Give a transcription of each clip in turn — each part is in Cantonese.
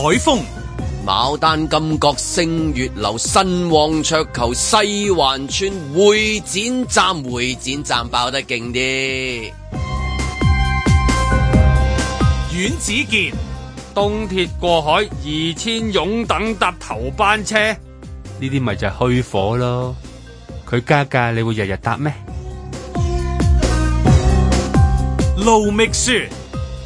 海風，牡丹金閣星月樓，新旺桌球西環村會展站，會展站爆得勁啲。阮子健，東鐵過海二千，勇等搭頭班車，呢啲咪就係虛火咯。佢加價你會日日搭咩？盧覓雪。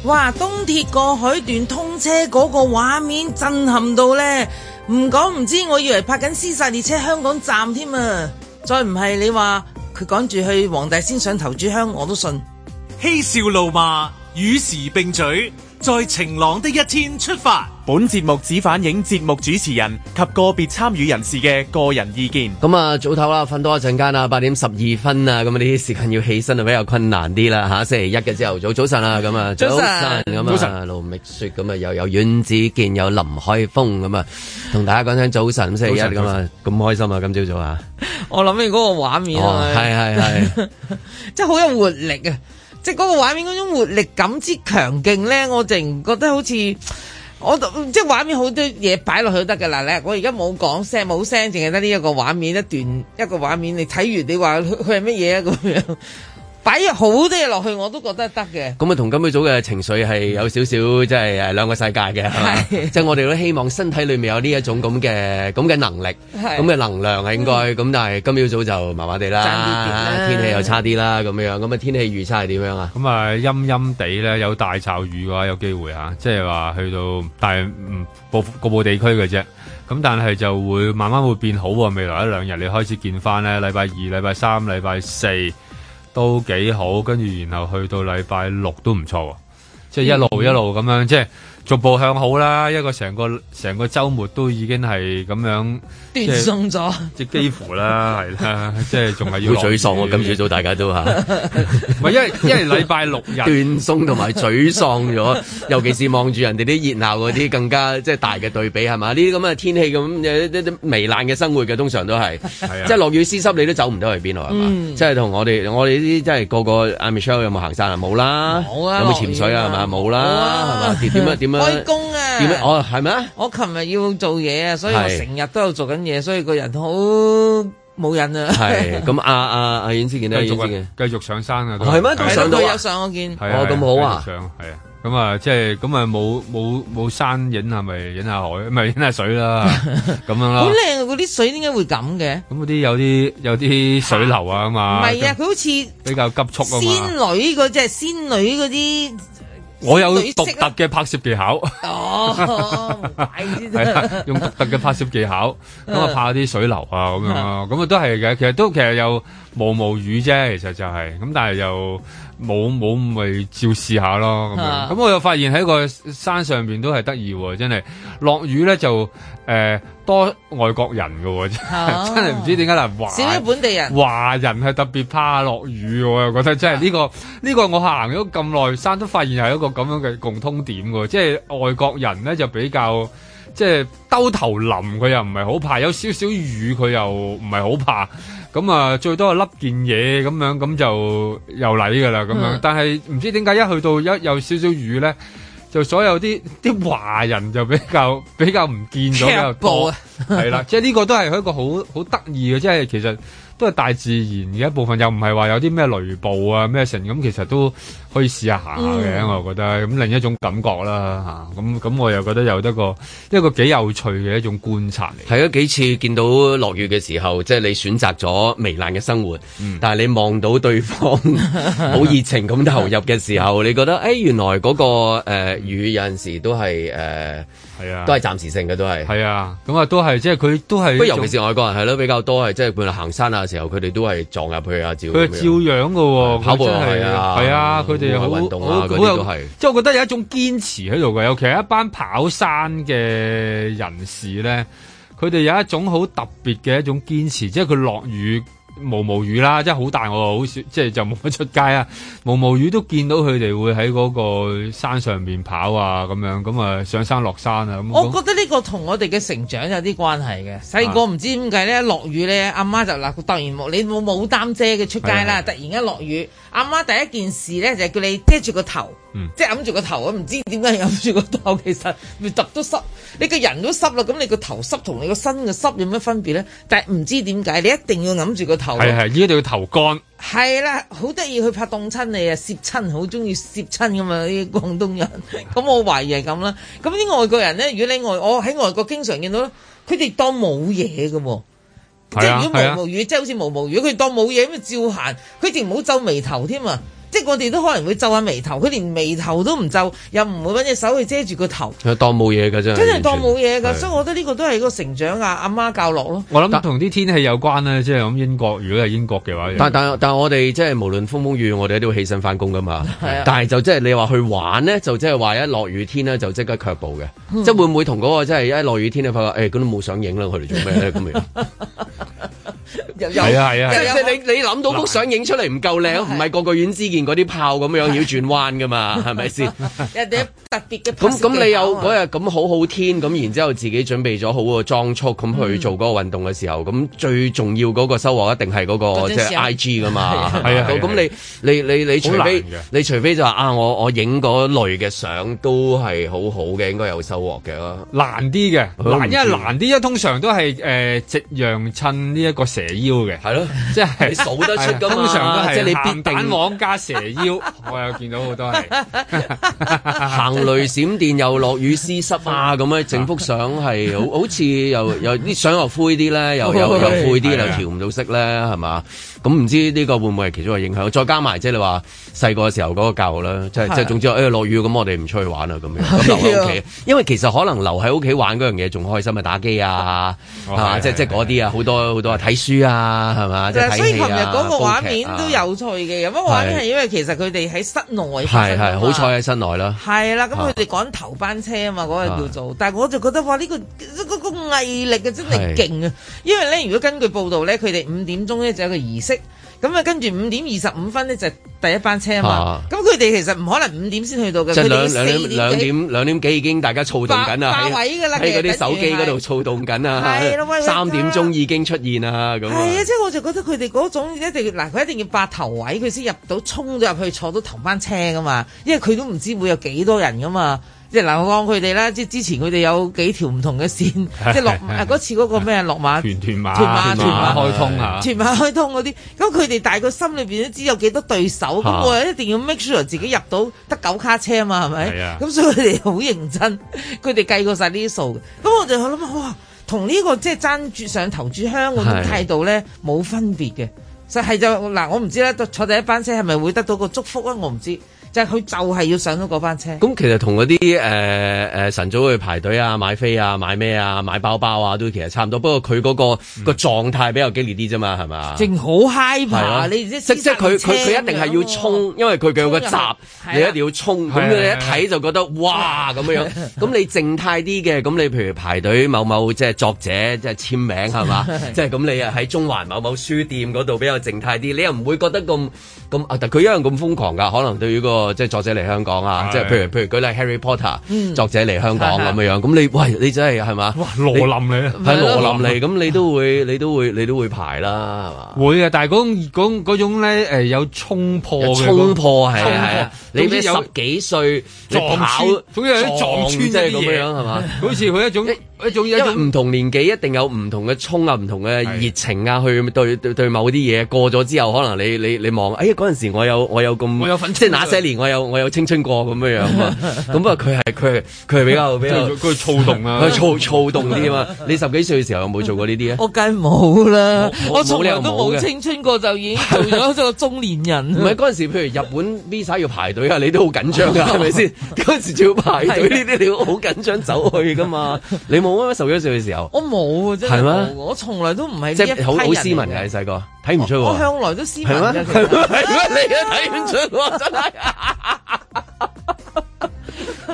哇！東鐵過海段通車嗰個畫面震撼到呢！唔講唔知，我以為拍緊《屍殺列車》香港站添啊！再唔係你話佢趕住去黃大仙上頭炷香，我都信。嬉笑怒罵，與時並舉，在晴朗的一天出發。本節目只反映節目主持人及個別參與人士嘅個人意見。咁啊，早唞啦，瞓多一陣間啦，八點十二分啊。咁啊，呢啲時間要起身就比較困難啲啦。吓，星期一嘅朝頭早，早晨啦，咁啊，早晨上，早晨上，啊，盧覓雪，咁啊，又有阮子健，有林海峰，咁啊，同大家講聲早晨。星期一咁啊，咁麼上開心啊，今朝早啊。我諗起嗰個畫面，係係係，即係好有活力啊！即係嗰個畫面嗰種活力感之強勁咧，我突然覺得好似。我即係畫面好多嘢擺落去都得嘅啦，你我而家冇講聲冇聲，淨係得呢一個畫面一段一個畫面，你睇完你話佢係乜嘢啊咁樣.？ 擺啲好啲嘢落去，我都覺得得嘅。咁啊，同今朝早嘅情緒係有少少，即係誒兩個世界嘅，係嘛？即係我哋都希望身體裏面有呢一種咁嘅咁嘅能力，咁嘅能量係應該。咁但係今朝早就麻麻地啦，天氣又差啲啦，咁樣。咁啊，天氣預測係點樣啊？咁啊，陰陰地咧，有大驟雨嘅話，有機會嚇，即係話去到大部個部地區嘅啫。咁但係就會慢慢會變好喎。未來一兩日你開始見翻咧，禮拜二、禮拜三、禮拜四。都幾好，跟住然後去到禮拜六都唔錯喎，嗯、即係一路一路咁樣即係。逐步向好啦，一個成個成個週末都已經係咁樣斷送咗，即係幾乎啦，係啦，即係仲係要沮喪喎。今朝早大家都嚇，唔係因為因為禮拜六日斷送同埋沮喪咗，尤其是望住人哋啲熱鬧嗰啲，更加即係大嘅對比係嘛？呢啲咁嘅天氣咁，一啲啲糜爛嘅生活嘅，通常都係，即係落雨絲濕，你都走唔到去邊度係嘛？即係同我哋我哋呢啲即係個個阿 Michelle 有冇行山啊？冇啦，有冇潛水啊？係咪？冇啦，係嘛？點樣點？開工啊！哦，係咩？我琴日要做嘢啊，所以我成日都有做緊嘢，所以個人好冇癮啊。係咁，阿阿阿尹志健啊，尹志健繼續上山啊！係咩？都上到有上我見哦，咁好啊！上係啊，咁啊，即係咁啊，冇冇冇山影啊，咪影下海，咪影下水啦，咁樣啦。好靚啊！嗰啲水點解會咁嘅？咁嗰啲有啲有啲水流啊嘛。唔係啊，佢好似比較急速啊嘛。仙女嗰隻仙女嗰啲。我有獨特嘅拍、拍攝技巧，哦，係用獨特嘅拍攝技巧咁啊，拍啲水流啊咁樣啊，咁啊都係嘅，其實都其實有毛毛雨啫，其實就係、是，咁但係又。冇冇，咪照試下咯。咁咁我又發現喺個山上邊都係得意喎，真係落雨咧就，誒、呃、多外國人嘅喎，真係唔、啊、知點解嗱，華少啲本地人，華人係特別怕落雨，我又覺得真係呢、啊個呢、個我行咗咁耐山都發現係一個咁樣嘅共通點嘅喎，即係外國人咧就比較即係兜頭淋佢又唔係好怕，有少少雨佢又唔係好怕。咁啊，最多笠件嘢咁樣，咁就又嚟噶啦咁樣。嗯、但係唔知點解一去到一有少少雨咧，就所有啲啲華人就比較比較唔見咗，又多係啦。 即係呢個都係一個好好得意嘅，即係其實。呢個大自然嘅一部分，又唔係話有啲咩雷暴啊、咩成咁，其實都可以試下行下嘅，嗯、我覺得咁另一種感覺啦嚇。咁、啊、咁我又覺得有得個一個幾有趣嘅一種觀察嚟。係啊，幾次見到落雨嘅時候，即係你選擇咗糜爛嘅生活，嗯、但係你望到對方好 熱情咁投入嘅時候，你覺得誒、哎、原來嗰、那個、呃、雨有陣時都係誒。呃係啊，都係暫時性嘅，都係。係啊，咁啊，都係即係佢都係。尤其是外國人係咯，比較多係即係佢行山啊時候，佢哋都係撞入去啊，照樣。佢係照樣嘅，跑步係啊，係啊，佢哋好好好有運動，即係我覺得有一種堅持喺度嘅。尤其係一班跑山嘅人士咧，佢哋有一種好特別嘅一種堅持，即係佢落雨。毛毛雨啦，即係好大我啊，好少即係就冇乜出街啊。毛毛雨都見到佢哋會喺嗰個山上邊跑啊，咁樣咁啊，上山落山啊。咁我覺得呢個同我哋嘅成長有啲關係嘅。細個唔知點解咧，落雨咧，阿媽，媽就嗱突、啊、然冇你冇冇擔遮嘅出街啦，是的是的突然一落雨。阿媽第一件事咧就係、是、叫你遮住個頭，嗯、即係揞住個頭啊！唔知點解揞住個頭，其實你揼都濕，你個人都濕啦。咁你個頭濕同你個身嘅濕有咩分別咧？但係唔知點解你一定要揞住個頭，係係呢一定要頭乾，係啦，好得意，佢怕凍親你啊，攝親，好中意攝親咁啊啲廣東人。咁 我懷疑係咁啦。咁啲外國人咧，如果你外我喺外國經常見到，佢哋當冇嘢嘅喎。即係如果毛毛雨，啊、即係好似毛毛雨，佢、啊、當冇嘢咁照行，佢仲唔好皺眉頭添啊！即係我哋都可能會皺下眉頭，佢連眉頭都唔皺，又唔會揾隻手去遮住個頭，當冇嘢㗎啫。真係當冇嘢㗎，的所以我覺得呢個都係個成長啊！阿媽，媽教落咯。我諗同啲天氣有關啊，但即係咁英國，如果係英國嘅話。但但但係我哋即係無論風風雨雨，我哋都會起身翻工㗎嘛。的但係就即係你話去玩咧，就即係話一落雨天咧，就即刻卻步嘅。嗯、即係會唔會同嗰個即係一落雨天你發覺誒，噉都冇相影啦，佢嚟做咩咧咁樣？ 係啊係啊，即係你你諗到幅相影出嚟唔夠靚，唔係個個院之見嗰啲炮咁樣要轉彎噶嘛，係咪先？一啲特別嘅。咁咁你有嗰日咁好好天咁，然之後自己準備咗好個裝束咁去做嗰個運動嘅時候，咁最重要嗰個收穫一定係嗰個即係 IG 噶嘛。係啊，咁你你你你除非你除非就話啊，我我影嗰類嘅相都係好好嘅，應該有收穫嘅咯。難啲嘅，難，因為難啲咧，通常都係誒，夕陽襯呢一個蛇腰嘅係咯，即係你數得出咁上下？即係你必定網加蛇腰，我又見到好多係 行雷閃電又落雨絲濕啊咁樣，整幅相係好好似又有啲相又灰啲咧，又又 又，又灰啲 的又調唔到色咧，係嘛？咁唔知呢個會唔會係其中一個影響？再加埋即係你話細個嘅時候嗰個教育啦，即係即係總之，誒落雨咁我哋唔出去玩啦咁樣。咁留喺屋企，因為其實可能留喺屋企玩嗰樣嘢仲開心啊，打機啊，即係即係嗰啲啊，好多好多啊，睇書啊，係嘛？所以琴日嗰個畫面都有趣嘅，有乜畫面係因為其實佢哋喺室內。係係，好彩喺室內啦。係啦，咁佢哋趕頭班車啊嘛，嗰個叫做。但係我就覺得話呢個嗰個毅力啊，真係勁啊！因為咧，如果根據報道咧，佢哋五點鐘咧就有個儀式。咁啊，跟住五點二十五分咧，就第一班車啊嘛。咁佢哋其實唔可能五點先去到嘅，佢哋四點、兩點、兩點幾已經大家躁動緊啦，喺啲手機嗰度躁動緊啦，三點鐘已經出現啦咁。係啊，即係我就覺得佢哋嗰種一定要嗱，佢一定要霸頭位，佢先入到衝咗入去坐到頭班車噶嘛，因為佢都唔知會有幾多人噶嘛。即係嗱，我講佢哋啦，即係之前佢哋有幾條唔同嘅線， 即係落嗰次嗰個咩啊，落馬，屯屯 馬，屯馬，馬，馬開通是啊，屯馬開通嗰啲，咁佢哋大個心裏邊都知有幾多對手，咁我是啊一定要 make sure 自己入到得九卡車是啊嘛，係咪？咁所以佢哋好認真，佢哋計過晒呢啲數嘅。咁我就諗啊，哇，同呢、這個即係爭住上頭炷香嗰種態度咧，冇分別嘅。所以係就嗱，我唔知啦，坐第一班車係咪會得到個祝福啊？我唔知。即係佢就係要上咗嗰班車。咁其實同嗰啲誒誒晨早去排隊啊、買飛啊、買咩啊、買包包啊，都其實差唔多。不過佢嗰、那個、嗯、個狀態比較激烈啲啫嘛，係嘛？靜好 high 你即係即佢佢佢一定係要衝，啊、因為佢佢有個閘、啊啊、你一定要衝。咁、啊、你一睇就覺得哇咁樣樣。咁 你靜態啲嘅，咁你譬如排隊某某即係作者即係、就是、簽名係嘛？即係咁你啊喺中環某某，某書店嗰度比較靜態啲，你又唔會覺得咁咁啊？但係佢一樣咁瘋狂㗎，可能對於個。即係作者嚟香港啊！即係譬如譬如舉例 Harry Potter，作者嚟香港咁樣樣。咁你喂，你真係係嘛？哇羅琳嚟，係羅琳嚟。咁你都會你都會你都會排啦，係嘛？會啊！但係嗰種嗰咧誒，有衝破嘅衝破係啊！你知有幾歲你考，總之係啲撞穿即係咁樣樣係嘛？好似佢一種。因為唔同年紀一定有唔同嘅衝啊，唔同嘅熱情啊，去對對某啲嘢，過咗之後，可能你你你望，哎呀嗰陣時我有我有咁，即係那些年我有我有青春過咁樣樣咁，不過佢係佢係佢係比較比較佢躁動啊，佢躁動啲啊嘛。你十幾歲嘅時候有冇做過呢啲啊？我梗冇啦，我從來都冇青春過就已經做咗一個中年人。唔係嗰陣時，譬如日本 visa 要排隊啊，你都好緊張噶係咪先？嗰陣時仲要排隊呢啲，你好緊張走去噶嘛，你冇。我十幾歲嘅時候，我冇啊，真係，嗎我從來都唔係即係好好斯文嘅細個。睇唔出喎。我向來都斯文。係咩？你都睇唔出我真係。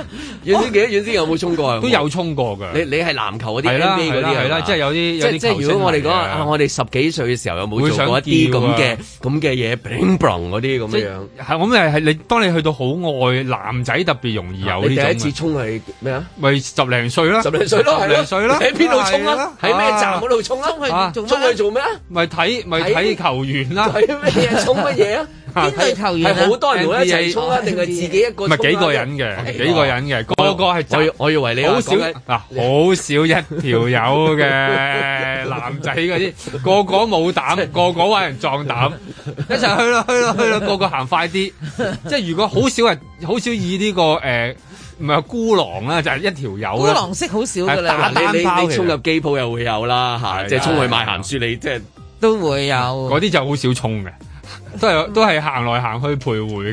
遠啲幾多遠先有冇衝過啊？都有衝過㗎，你你係籃球嗰啲，係啦係啦，即係有啲，即係即係如果我哋講啊，我哋十幾歲嘅時候有冇做過一啲咁嘅咁嘅嘢，bling bling 嗰啲咁樣，係咁又係你，當你去到好愛，男仔特別容易有呢種。你第一次衝係咩啊？咪十零歲啦，十零歲啦，十零歲啦，喺邊度衝啊？喺咩站嗰度衝啊？衝去做咩啊？咪睇咪睇球員啦，睇咩嘢衝乜嘢啊？呢啲係投籃，係好多人一齊衝啊！定係自己一個？唔係幾個人嘅？幾個人嘅？個個係就我以為你好少嗱，好少一條友嘅男仔嗰啲，個個冇膽，個個揾人壯膽，一齊去咯去咯去咯，個個行快啲。即係如果好少人，好少以呢個誒，唔係孤狼啦，就係一條友。孤狼識好少㗎啦，打單炮，衝入機鋪又會有啦，嚇！即係衝去買鹹雪，你即係都會有嗰啲就好少衝嘅。都係 都係行來行去徘徊嘅，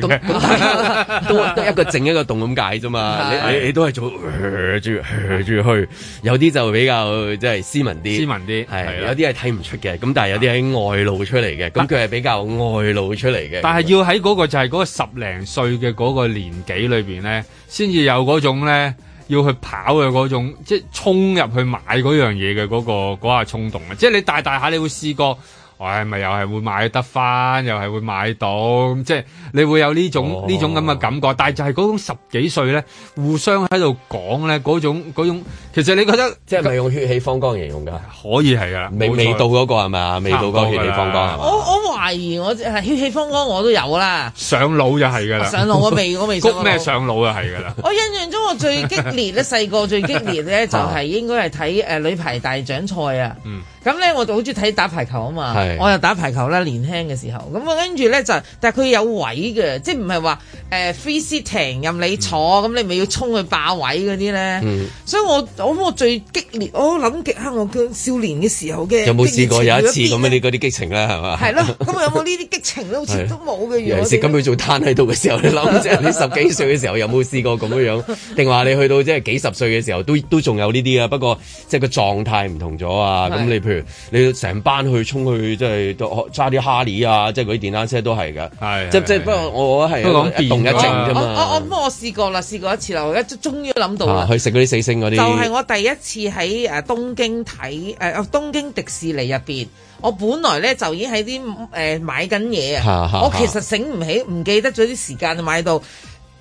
都得一個靜一個動咁解啫嘛。你你，你都係做住住去，有啲就比較即係、就是、斯文啲，斯文啲係。是的有啲係睇唔出嘅，咁但係有啲喺外露出嚟嘅，咁佢係比較外露出嚟嘅。但係要喺嗰個就係嗰個十零歲嘅嗰個年紀裏邊咧，先至有嗰種咧要去跑嘅嗰種，即係衝入去買嗰樣嘢嘅嗰個嗰下衝動啊！即係你大大下你會試過。唉，咪、哎、又係會買得翻，又係會買到，咁即係你會有呢種呢、哦、種咁嘅感覺。但係就係嗰種十幾歲咧，互相喺度講咧嗰種種。其實你覺得即係咪用血氣方剛形容噶？可以係噶，未沒錯未到嗰個係咪？未到個血氣方剛係嘛。我我懷疑我係血氣方剛，我都有啦。上腦就係噶啦。上腦我未，我未識。谷咩 上腦就係噶啦？ 我印象中我最激烈咧，細個 最激烈咧就係應該係睇誒女排大獎賽啊。嗯。咁咧，我就好中意睇打排球啊嘛，我又打排球啦，年輕嘅時候，咁啊跟住咧就，但係佢有位嘅，即係唔係話誒 free sitting 任你坐，咁你咪要衝去霸位嗰啲咧，所以我我我最激烈，我諗極啊我嘅少年嘅時候嘅有冇試過有一次咁樣啲嗰啲激情咧，係嘛？係咯，咁啊有冇呢啲激情咧？好似都冇嘅樣。尤其是咁去做攤喺度嘅時候，即係你十幾歲嘅時候，有冇試過咁樣樣？定話你去到即係幾十歲嘅時候，都都仲有呢啲啊？不過即係個狀態唔同咗啊，咁你譬如。你成班去衝去，即係都揸啲哈利啊，即係嗰啲電單車都係嘅，係是即即是不過我係一是動一靜啫嘛。咁我試過啦，試過一次啦，我而家終於諗到、啊、去食嗰啲四星嗰啲，就係我第一次喺誒東京睇誒、啊、東京迪士尼入邊。我本來咧就已經喺啲誒買緊嘢啊，啊我其實醒唔起，唔記得咗啲時間啊，買到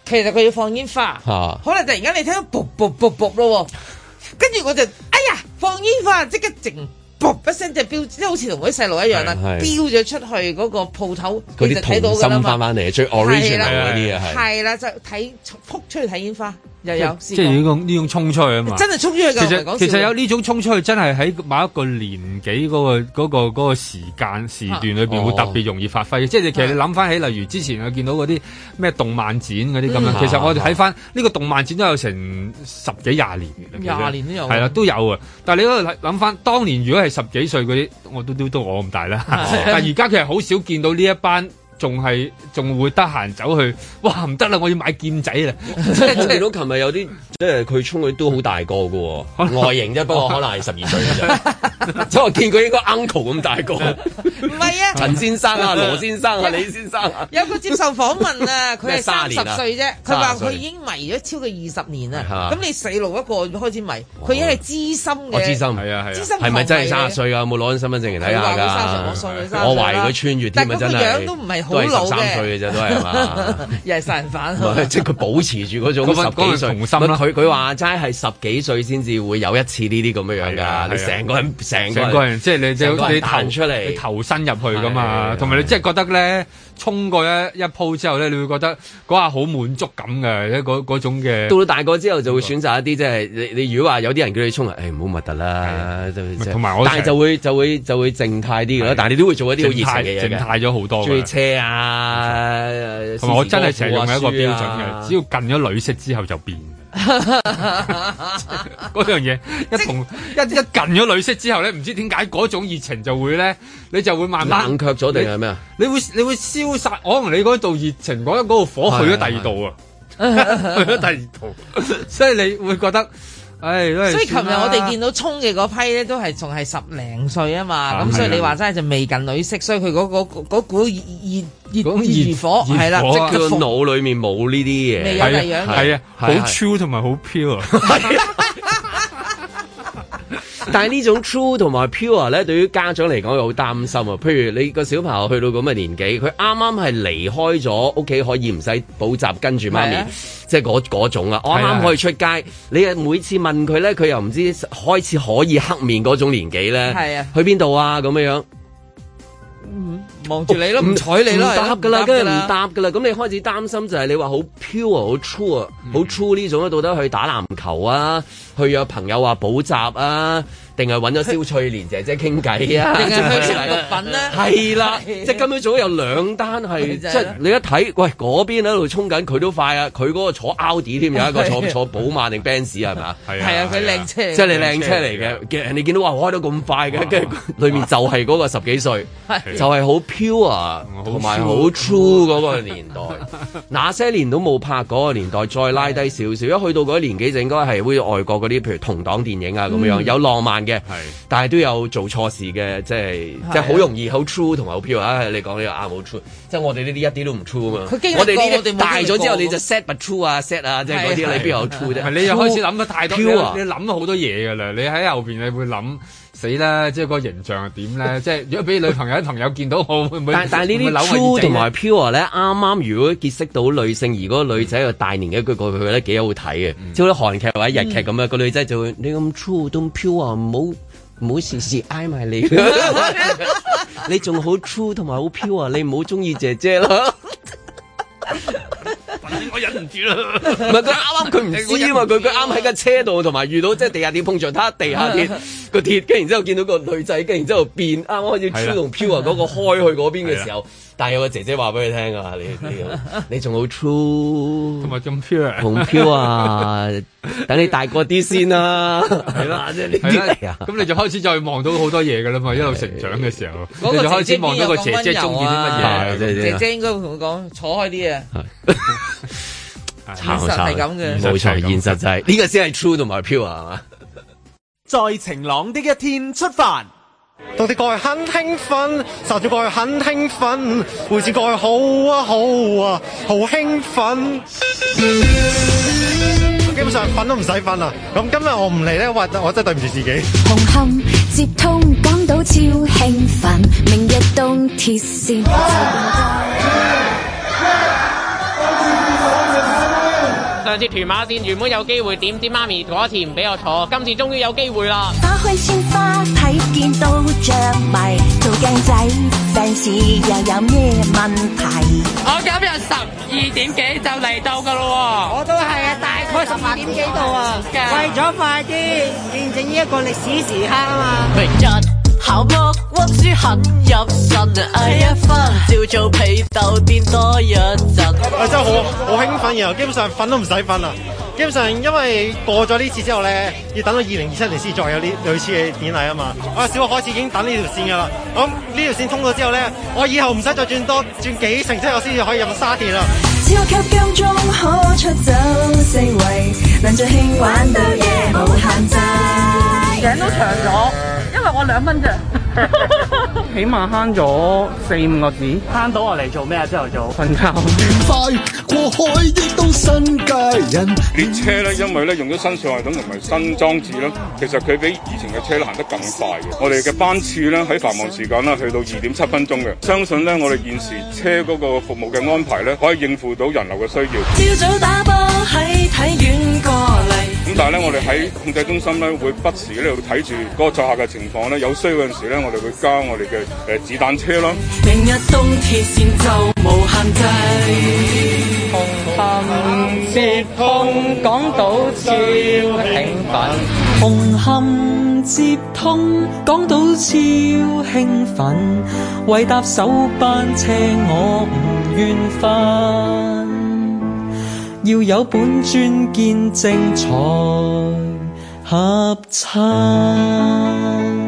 其實佢要放煙花，可能突然間你聽到卜卜卜卜咯，跟住我就哎呀放煙花，即刻靜。卜不聲，只標即係好似同嗰啲細路一樣啦，飆咗出去嗰個鋪頭，你就睇到㗎啦，翻翻嚟最 original 啲啊，係啦，就睇撲出去睇煙花。又有，即係呢種呢種衝出去啊嘛！真係衝出去㗎，其實其實有呢種衝出去，真係喺某一個年紀嗰、嗰個嗰、嗰個嗰、嗰個時間時段裏邊、啊、會特別容易發揮、啊、即係你其實你諗翻起，例如之前我見到嗰啲咩動漫展嗰啲咁樣，嗯、其實我哋睇翻呢個動漫展都有成十幾廿年，廿年都有，係啦都有啊。但係你嗰度諗翻，當年如果係十幾歲嗰啲，我都都都我咁大啦。啊、 但係而家其實好少見到呢一班。仲係仲會得閒走去，哇唔得啦，我要買劍仔啦！即係睇到琴日有啲，即係佢兄弟都好大個嘅喎，外形啫，不過可能係十二歲嘅啫，即係見佢應該 uncle 咁大個。唔係啊，陳先生啊，羅先生啊，李先生有個接受訪問啊，佢係三十歲啫，佢話佢已經迷咗超過二十年啦。咁你細路一個開始迷，佢已經係資深嘅。資深係咪真係三十歲啊？有冇攞緊身份證嚟睇下？我懷疑佢穿越點啊！真係。我懷疑佢穿越點啊！樣都唔係。都係十三歲嘅啫，都係嘛，又係殺人犯。即係佢保持住嗰種十幾歲，佢佢話齋係十幾歲先至會有一次呢啲咁嘅樣噶，成、 啊啊、個人成成個人即係你你你彈出嚟，你投身入去噶嘛，同埋、啊啊、你即係覺得咧。衝過一一鋪之後咧，你會覺得嗰下好滿足感嘅，一嗰嗰種嘅。到咗大個之後就會選擇一啲即係你你如果話有啲人叫你衝啊，誒唔好密突啦。同埋的就我，但係就會就會就會靜態啲嘅啦，的但係你都會做一啲好熱情嘅嘢嘅。靜態咗好多嘅。鍾意車啊！啊時我真係成日用一個標準嘅，啊、只要近咗女色之後就變。嗰 樣嘢、就係、一同一一近咗女色之後咧，唔知點解嗰種熱情就會咧，你就會慢慢冷卻咗定係咩啊？你會你會消散，可能你嗰度熱情嗰一嗰個火去咗第二度啊， 去咗第二度， 所以你會覺得。哎、所以琴日我哋見到沖嘅批咧，都係仲係十零歲啊嘛，咁、嗯、所以你話真係就未近女色，所以佢嗰、嗰個嗰股熱熱熱火係啦，即係佢腦裏面冇呢啲嘢，係啊，好 true 同埋好 pure，係啦。 但係呢種 true 同埋 pure 咧，對於家長嚟講又好擔心啊！譬如你個小朋友去到咁嘅年紀，佢啱啱係離開咗屋企，可以唔使補習跟住媽咪，是啊、即係嗰種啊，我啱啱可以出街。是啊你啊每次問佢咧，佢又唔知開始可以黑面嗰種年紀咧，係是啊，啊，去邊度啊咁樣樣。望住、嗯、你咯，唔睬不你咯，唔答噶啦，跟住唔答噶啦，咁你開始擔心就係你話好 pure 啊，好 true 啊，好 true 呢種啊，到底去打籃球啊，去約朋友話補習啊。定係揾咗蕭翠蓮姐姐傾偈啊！定係向前嚟個品咧？係啦，即係今日早有兩單係即係你一睇，喂嗰邊喺度衝緊，佢都快啊！佢嗰個坐 Audi 添，有一個坐坐寶馬定 Benz 係咪？係啊，佢靚車，即係你靚車嚟嘅，你人見到話，開得咁快嘅，跟住裏面就係嗰個十幾歲，就係好 pure 同埋好 true 嗰個年代，那些年都冇拍嗰個年代，再拉低少少，一去到嗰啲年紀就應該係好似外國嗰啲，譬如同黨電影啊咁樣，有浪漫。嘅，係是，但係都有做錯事嘅，即係、啊、即係好容易好 true 同埋好 pure 啊！你講呢個啊，冇 true，即係我哋呢啲一啲都唔 true 啊嘛！我哋呢啲大咗之後你就 set 唔 true 啊 set 啊，即係嗰啲你邊有 true 啫、啊？唔係你又開始諗得太多啊 True,！你諗咗好多嘢噶啦，你喺後邊你會諗。死啦！即係個形象係點咧？即係如果俾女朋友，朋友見到好會唔會？但但呢啲 true 同埋 pure 啊咧，啱啱如果結識到女性，如果個女仔又大年紀，佢覺得幾好睇嘅，即好啲韓劇或者日劇咁啊，個女仔就會你咁 true 都 pure 啊，唔好唔好時時嗌埋你，你仲好 true 同埋好 pure 啊，你唔好中意姐姐啦。反正我忍唔住啦。唔係佢啱啱佢唔知因為，佢佢啱喺架車度，同埋遇到即係地下鐵碰撞，睇下地下鐵。跟然之後見到個女仔，跟然之後變啱啱開始 true 同 pure 嗰個開去嗰邊嘅時候，但係有個姐姐話俾佢聽噶，你你仲好 true 同埋仲 pure 同 pure 啊，等你大個啲先啦，係啦，即係呢咁你就開始再望到好多嘢噶啦嘛，一路成長嘅時候，你就開始望到個姐姐中意啲乜嘢，姐姐應該會同佢講坐開啲啊，係，係，現實係咁嘅，冇錯，現實就係呢個先係 true 同埋 pure 係嘛。在晴朗的一天出發，到過去很興奮，住過去很興奮，護士過去好啊好啊，好興奮。基本上瞓都唔使瞓啦，咁今日我唔嚟咧，我我真係對唔住自己。紅磡接通港島，超興奮，明日東鐵線。上次屯馬線原本有機會，點知媽咪嗰次唔俾我坐，今次終於有機會啦！打開鮮花，睇見到着迷。做鏡仔病史又有咩問題？我今日十二點幾就嚟到噶咯，我都係啊，大概十二點幾到、這個、啊。為咗快啲完成呢一個歷史時刻啊嘛。校木溫書很入神，A 一分照做，被斗墊多一陣。啊、嗯，真係好，好興奮！然後基本上瞓都唔使瞓啦。基本上因為過咗呢次之後咧，要等到二零二七年先再有呢類，類似嘅典禮啊嘛。啊，小學開始已經等呢條線噶啦。咁呢條線通咗之後咧，我以後唔使再轉多轉幾程即係我先至可以入沙田啦。超級金鐘可出走四圍，能盡興玩到夜冇限制。頸都長咗。因為我兩蚊啫，起碼慳咗四五個字，慳到我嚟做咩啊？朝頭早瞓覺快過海亦都新界人。列車咧，因為咧用咗新上系統同埋新裝置咧，其實佢比以前嘅車行得更快嘅。我哋嘅班次咧，喺繁忙時間咧，去到二點七分鐘嘅，相信咧，我哋現時車嗰個服務嘅安排咧，可以應付到人流嘅需要。朝早打波。咁、嗯、但係咧，我哋喺控制中心咧，會不時喺度睇住嗰個載客嘅情況咧，有需要嗰陣時咧，我哋會加我哋嘅誒子彈車啦。明日東鐵線就無限制，紅磡接通港島超興奮，紅磡接通港島超興奮，為搭首班車我唔願分。要有本尊見證，才合襯。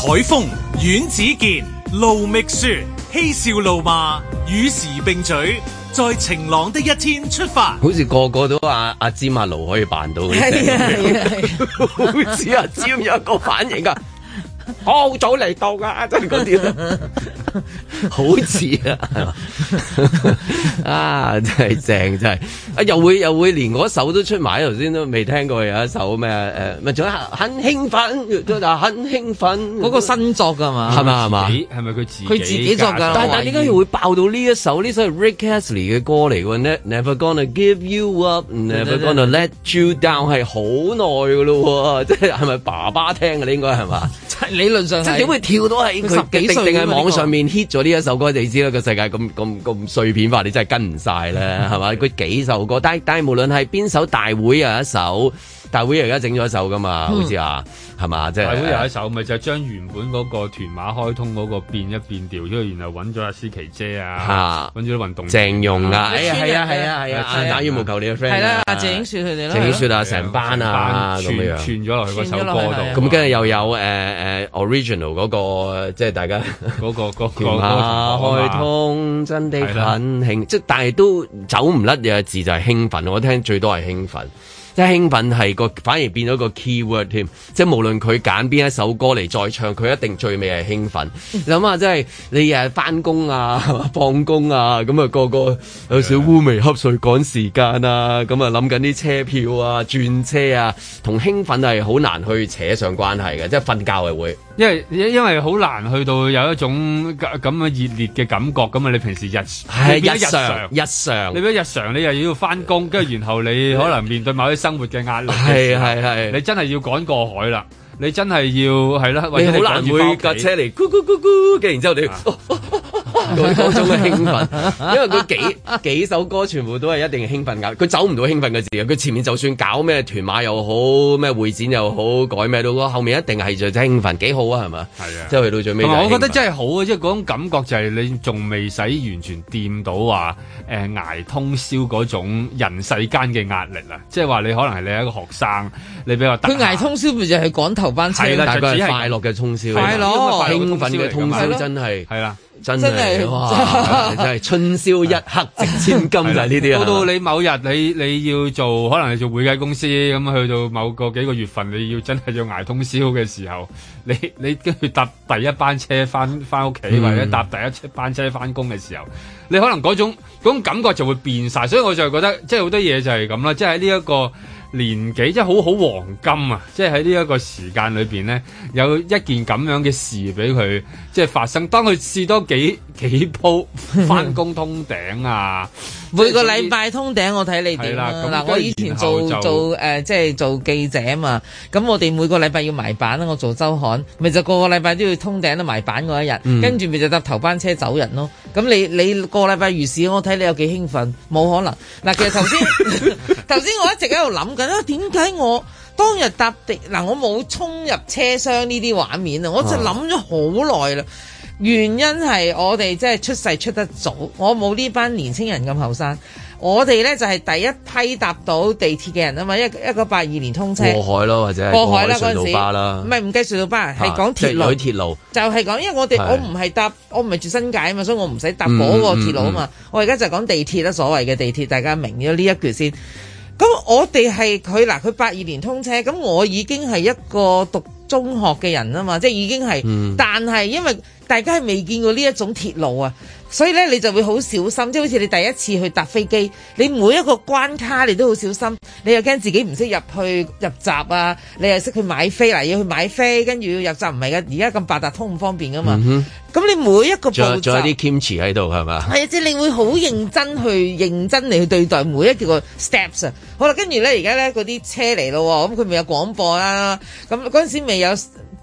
海風、阮子健、盧覓雪嬉笑怒罵與時並取，在晴朗的一天出發。好似個個都話阿芝麻盧可以辦到嘅，係啊係啊，好似阿占有一個反應、哦、 啊，好早嚟到噶，真係嗰啲，好似啊，係嘛，啊真係正真係。又會又會連嗰首都出埋，頭先都未聽過有一首咩誒？咪仲有很興奮，佢就很興奮嗰個新作㗎嘛？係咪係嘛？係咪佢自己佢自己作㗎？但但點解要會爆到呢一首？呢首係 Rick Astley 嘅歌嚟㗎呢？Never gonna give you up，Never gonna let you down 係好耐㗎咯，即係係咪爸爸聽㗎？你應該係嘛？理論上即係點會跳到係佢嘅？定係網上面 hit 咗呢一首歌你知啦。個世界咁咁咁碎片化，你真係跟唔晒咧，係咪？佢幾首？但係無論係邊首大會有一首。大會而家整咗一首噶嘛？好似啊，係嘛？即係大會有一首，咪就係將原本嗰個團馬開通嗰個變一變調咗，然後揾咗阿思琪姐啊，揾咗啲運動員鄭融啊，哎呀，係啊，係啊，係啊，打羽毛球你嘅 friend 係啦，鄭穎雪佢哋啦，鄭穎雪啊，成班啊咁樣樣，轉咗落去嗰首歌度，咁跟住又有誒誒 original 嗰個，即係大家嗰個嗰團馬開通真係很興，即係但係都走唔甩嘅字就係興奮，我聽最多係興奮。即係興奮係個反而變咗個 key word 添，即係無論佢揀邊一首歌嚟再唱，佢一定最尾係興奮。你諗下，即係你日日翻工啊、放工啊，咁啊個個有少烏眉瞌睡趕時間啊，咁啊諗緊啲車票啊、轉車啊，同興奮係好難去扯上關係嘅，即係瞓覺係會，因為因為好難去到有一種咁咁嘅熱烈嘅感覺。咁啊，你平時日係日常日常，你俾日常，你又要翻工，跟住然後你可能面對某啲生。生活嘅壓力係係係，你真係要趕過海啦！你真係要係啦，或者好難會架車嚟咕咕咕咕嘅，然之後你。啊哦哦嗰種嘅興奮，因為佢幾幾首歌全部都係一定係興奮噶，佢走唔到興奮嘅字啊！佢前面就算搞咩團馬又好，咩會展又好，改咩都好，後面一定係最興奮，幾好啊，係嘛？係啊，即係去到最尾。我覺得真係好啊，即係嗰種感覺就係你仲未使完全掂到話誒，挨通宵嗰種人世間嘅壓力啊！即係話你可能係你一個學生，你比較佢挨通宵，咪就係趕頭班車，但係佢係快樂嘅通宵，快樂興奮嘅通宵，真係係啦。真係， 真係春宵一刻值 千金就係呢啲啊！到的的到你某日，你你要做，可能你做會計公司咁，去到某個幾個月份，你要真係要挨通宵嘅時候，你你跟住搭第一班車翻翻屋企，或者搭第一班車翻工嘅時候，嗯、你可能嗰種嗰種感覺就會變晒，所以我就覺得即係好多嘢就係咁啦，即係喺呢一個年紀，即係好好黃金啊！即係喺呢一個時間裏邊咧，有一件咁樣嘅事俾佢。即係發生，當佢試多幾幾鋪翻工通頂啊！每個禮拜通頂，我睇你點啊！嗱，嗯、我以前做做誒，即係、呃就是、做記者啊嘛。咁我哋每個禮拜要埋板，我做周刊，咪就個個禮拜都要通頂都埋板嗰一日，跟住咪就搭頭班車走人咯。咁、嗯、你你個禮拜如是，我睇你有幾興奮？冇可能！嗱，其實頭先頭先我一直喺度諗緊啊，點解我？當日搭地嗱、啊，我冇衝入車廂呢啲畫面啊！我就諗咗好耐啦。原因係我哋即係出世出得早，我冇呢班年青人咁後生。我哋咧就係、是、第一批搭到地鐵嘅人啊嘛！一一九八二年通車過海咯，或者過海啦嗰陣時，唔係唔計隧道巴，係講鐵路，啊、就係、是、講因為我哋是我唔係搭，我唔係住新界啊嘛，所以我唔使搭嗰個，個鐵路啊嘛。我而家就講地鐵啦，所謂嘅地鐵，大家明咗呢一句先。咁我哋係佢嗱，佢八二年通車。咁我已經係一個讀中學嘅人啊嘛，即係已經係。嗯、但係因為。大家係未見過呢一種鐵路啊，所以咧你就會好小心，即係好似你第一次去搭飛機，你每一個關卡你都好小心，你又驚自己唔識入去入閘啊，你又識去買飛嗱，要去買飛，跟住要入閘，唔係噶，而家咁八達通唔方便噶嘛，咁、嗯哼嗯、你每一個步驟，仲有仲有啲喺度係嘛？係啊，即係你會好認真去認真嚟去對待每一個 steps 啊。好啦，跟住咧而家咧嗰啲車嚟咯喎，咁佢咪有廣播啦、啊？咁嗰陣時未有。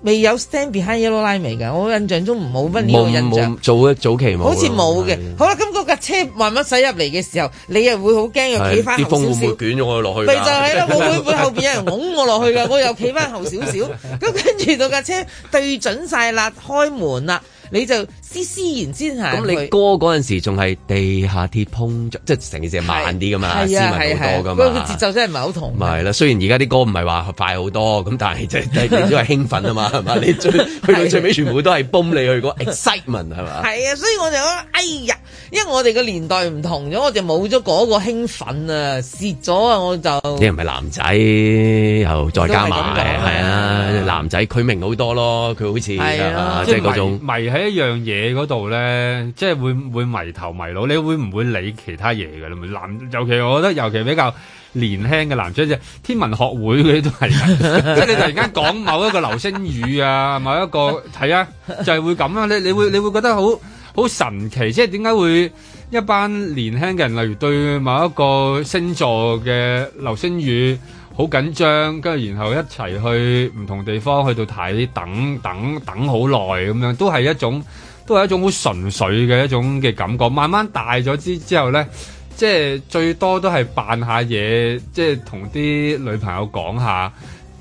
未有 stand behind yellow line 未噶，我印象中唔冇呢個印象。早一早期冇。好似冇嘅，的好啦，咁嗰架車慢慢駛入嚟嘅時候，你又會好驚，又企翻後少少，啲風會唔會捲咗我落去？咪就係、是、咯， 我會唔會後邊有人拱我落去噶，我又企翻後少少。咁 跟住到架車對準晒啦，開門啦，你就。啲詩言先係咁，你歌嗰陣時仲係地下鐵碰撞，即係成件事係慢啲噶嘛，斯文好多噶嘛，個節奏真係唔係好同。唔係啦，雖然而家啲歌唔係話快好多，咁但係即係都係興奮啊嘛，係嘛？你最去到最尾，全部都係泵你去個 excitement 係嘛？係啊，所以我就啊，哎呀，因為我哋個年代唔同咗，我就冇咗嗰個興奮啊，蝕咗啊，我就。你唔係男仔，又再加埋係啊，男仔佢明好多咯，佢好似即係嗰種迷係一樣嘢。你嗰度咧，即係會會迷頭迷腦，你會唔會理其他嘢噶咧？男，尤其我覺得，尤其比較年輕嘅男仔，即係天文學會嗰啲都係，即係 你突然間講某一個流星雨啊，某一個係啊，就係、是、會咁啊！你你會你會覺得好好神奇，即係點解會一班年輕嘅人，例如對某一個星座嘅流星雨好緊張，跟住然後一齊去唔同地方去到睇，等等等好耐咁樣，都係一種。都係一種好純粹嘅一種嘅感覺，慢慢大咗之之後咧，即係最多都係扮下嘢，即係同啲女朋友講下，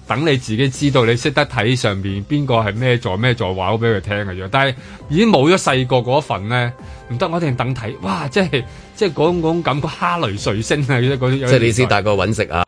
等你自己知道你識得睇上邊邊個係咩座咩座，話好俾佢聽嘅啫。但係，已經冇咗細個嗰份呢，唔得我一定等睇，哇！即係即係嗰種感覺，哈雷彗星啊，即係嗰啲。即係你先大個揾食啊，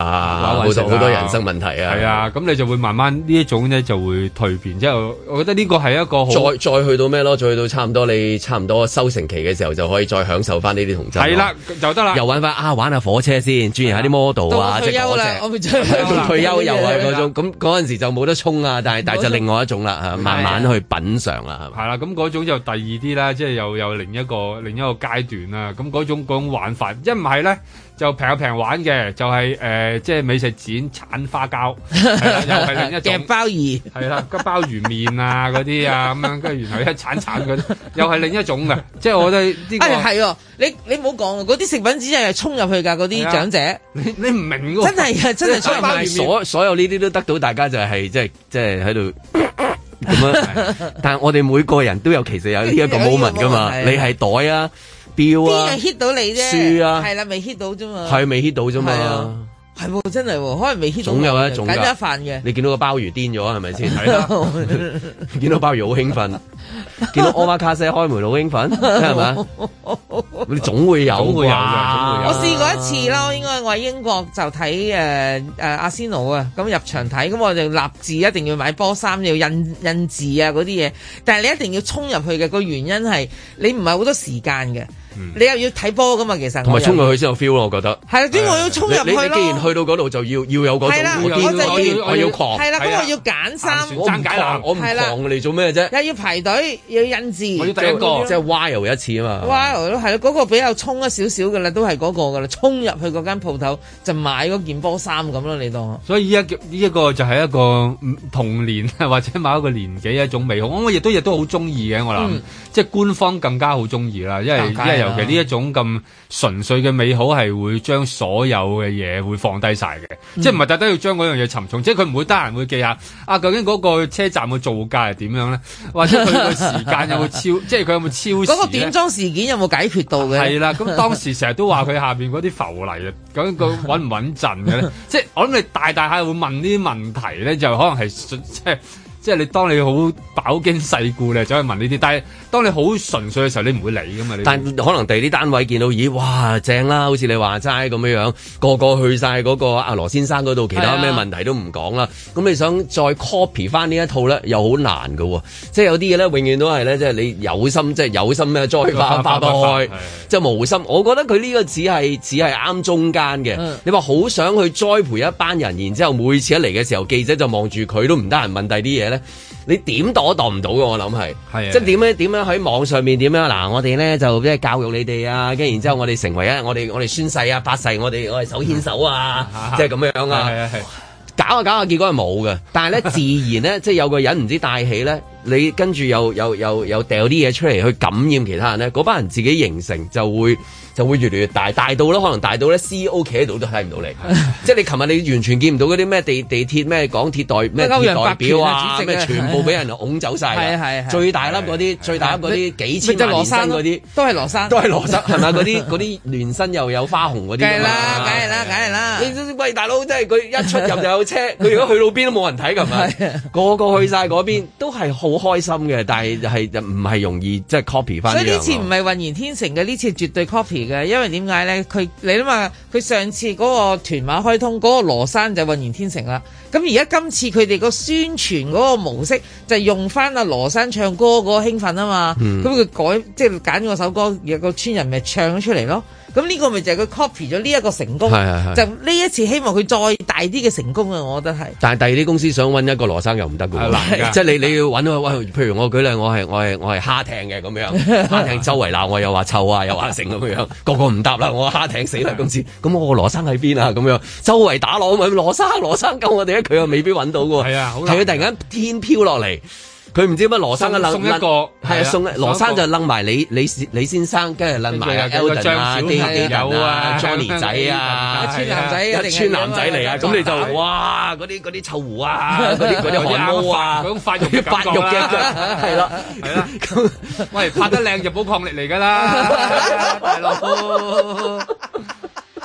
好多人生問題啊。係啊，咁你就會慢慢呢一種咧就會蛻變，之後我覺得呢個係一個好。再再去到咩咯？再去到差唔多你差唔多收成期嘅時候，就可以再享受翻呢啲童真。係啦，就得啦。又揾翻啊，玩下火車先，轉移下啲 model 啊，即係火車。退休啦，退休又係嗰種，咁嗰陣時就冇得衝啊，但係但係就另外一種啦，慢慢去品嘗啦，係。係啦，咁嗰種就第二啲啦，即係又有另一個另一個階段啦。咁嗰種，種玩法，一唔係咧就平平玩嘅，就係誒、就是呃，即係美食展、剷花膠，係啦， 又係另一隻 鮑魚，係啦，吉鮑，鮑魚麵啊嗰啲啊咁樣，跟住然後一剷剷嗰啲，又係另一種嘅。 即係我覺得係、這、喎、個哎，你你唔好講嗰啲食品紙係衝入去㗎，嗰啲長者，你你唔明嗰 真係啊，真係衝入去所所有呢啲都得到大家就係即係即係喺度。就是咁啊！ 但係我哋每個人都有，其實有呢一個 moment 噶嘛。你係袋啊、表啊、書啊，係啦，未 hit 到啫嘛。係未 hit 到啫嘛。係喎，真係，可能未 hit 到總。總有一種一飯嘅。你見到個鮑魚癲咗係咪先？係啦，見到鮑魚好 興奮。 見到奧馬卡西開門老英粉係咪？你總會有，總會有。我試過一次啦，應該我喺英國就睇誒誒阿仙奴啊，咁入場睇，咁我就立志一定要買波衫，要印印字啊嗰啲嘢，但係你一定要衝入去嘅，個原因係你唔係好多時間嘅，你又要睇波噶嘛。其實同埋衝入去先有 feel 咯，我覺得係啊，點我要衝入去？既然去到嗰度，就要要有嗰種，我要，我要狂，係啦，咁我要揀衫，我唔狂，我唔狂你做咩啫？又要排隊。要印字，我要第一個即係、就是、while 一次啊嘛，while 咯係咯，嗰個比較衝一少少嘅啦，都係嗰、那個噶啦，衝入去嗰間鋪頭就買嗰件波衫咁咯，你當。所以依一依一個就係一個童年或者某一個年紀一種美好，我亦日日都好中意嘅，我諗，即係、嗯、官方更加好中意啦，因為因為尤其呢一種咁純粹嘅美好係會將所有嘅嘢會放低晒嘅，嗯、即係唔係特登要將嗰樣嘢沉重，即係佢唔會得閒會記下啊究竟嗰個車站嘅造價係點樣咧，或者 時間有冇超？ 即係佢有冇超？嗰個短樁事件有冇解決到嘅？係啦， 咁當時成日都話佢下邊嗰啲浮泥啊，咁佢穩唔穩陣嘅咧？ 即係我諗你大大下會問呢啲問題咧，就可能係即係。即係你當你好飽經世故咧，走去問呢啲。但係當你好純粹嘅時候，你唔會理噶嘛。但可能第二啲單位見到，咦？哇！正啦，好似你話齋咁樣樣，個個去晒嗰個阿羅先生嗰度，其他咩問題都唔講啦。咁你想再 copy 翻呢一套咧，又好難噶喎。即係有啲嘢咧，永遠都係咧，即係你有心，即係有心咩？栽花花不開，即係無心。我覺得佢呢個只係只係啱中間嘅。你話好想去栽培一班人，然之後每次一嚟嘅時候，記者就望住佢都唔得閒問第啲嘢咧。你點度都度唔到嘅，我諗係，是的 即係點樣點樣喺網上面點樣嗱？我哋咧就即係教育你哋啊，跟住然之後我哋成為啊，我哋我哋宣誓啊，發誓，我哋我哋手牽手啊， 即係咁樣啊， 搞下、啊、搞下、啊、結果係冇嘅。但係咧自然咧， 即係有個人唔知帶起咧。你跟住又又又又掉啲嘢出嚟去感染其他人咧，嗰班人自己形成就會就會越嚟越大，大到咧可能大到咧 CEO 企喺度都睇唔到你，即係你琴日你完全見唔到嗰啲咩地地鐵咩港鐵代咩歐陽百橋啊咩，全部俾人拱走晒。係啊係啊，最大粒嗰啲最大粒嗰啲幾千萬年薪嗰啲，都係羅生，都係羅生，係咪嗰啲嗰啲年薪又有花紅嗰啲。梗係啦，梗係啦，喂大佬，即係佢一出入就有車，佢如果去到邊都冇人睇咁嘛？個個去晒嗰邊都係好好開心嘅，但係就係就唔係容易即係 copy 翻。所以呢次唔係渾然天成嘅，呢次絕對 copy 嘅。因為點解咧？佢你諗下，佢上次嗰個屯馬開通嗰、嗰個羅生就渾然天成啦。咁而家今次佢哋個宣傳嗰個模式就用翻阿羅生唱歌嗰個興奮啊嘛。咁佢、嗯、改即係揀首歌，有個村人咪唱咗出嚟咯。咁呢個咪就係佢 copy 咗呢一個成功，啊啊、就呢一次希望佢再大啲嘅成功啊！我覺得係。但係第二啲公司想揾一個羅生又唔得㗎，即係、啊、你 你要到揾譬如我舉例，我係我係我係蝦艇嘅咁樣，蝦 艇周圍鬧，我又話臭啊，又話成咁樣，個個唔答啦，我蝦艇死啦，公司咁。我個羅生喺邊啊？咁樣周圍打攞咪羅生羅生救我哋咧，佢又未必揾到㗎。係 啊，佢突然間天飄落嚟。佢唔知乜羅生一擸，送一個係啊，送羅生就擸埋李李李先生，跟住擸埋 Elton 啊、啲地人啊、Johnny 仔啊，一村男仔嚟啊，咁你就哇嗰啲嗰啲臭狐啊，嗰啲嗰啲汗毛啊，發育發育嘅，係咯係啦，咁喂拍得靚就冇抗力嚟㗎啦，大佬。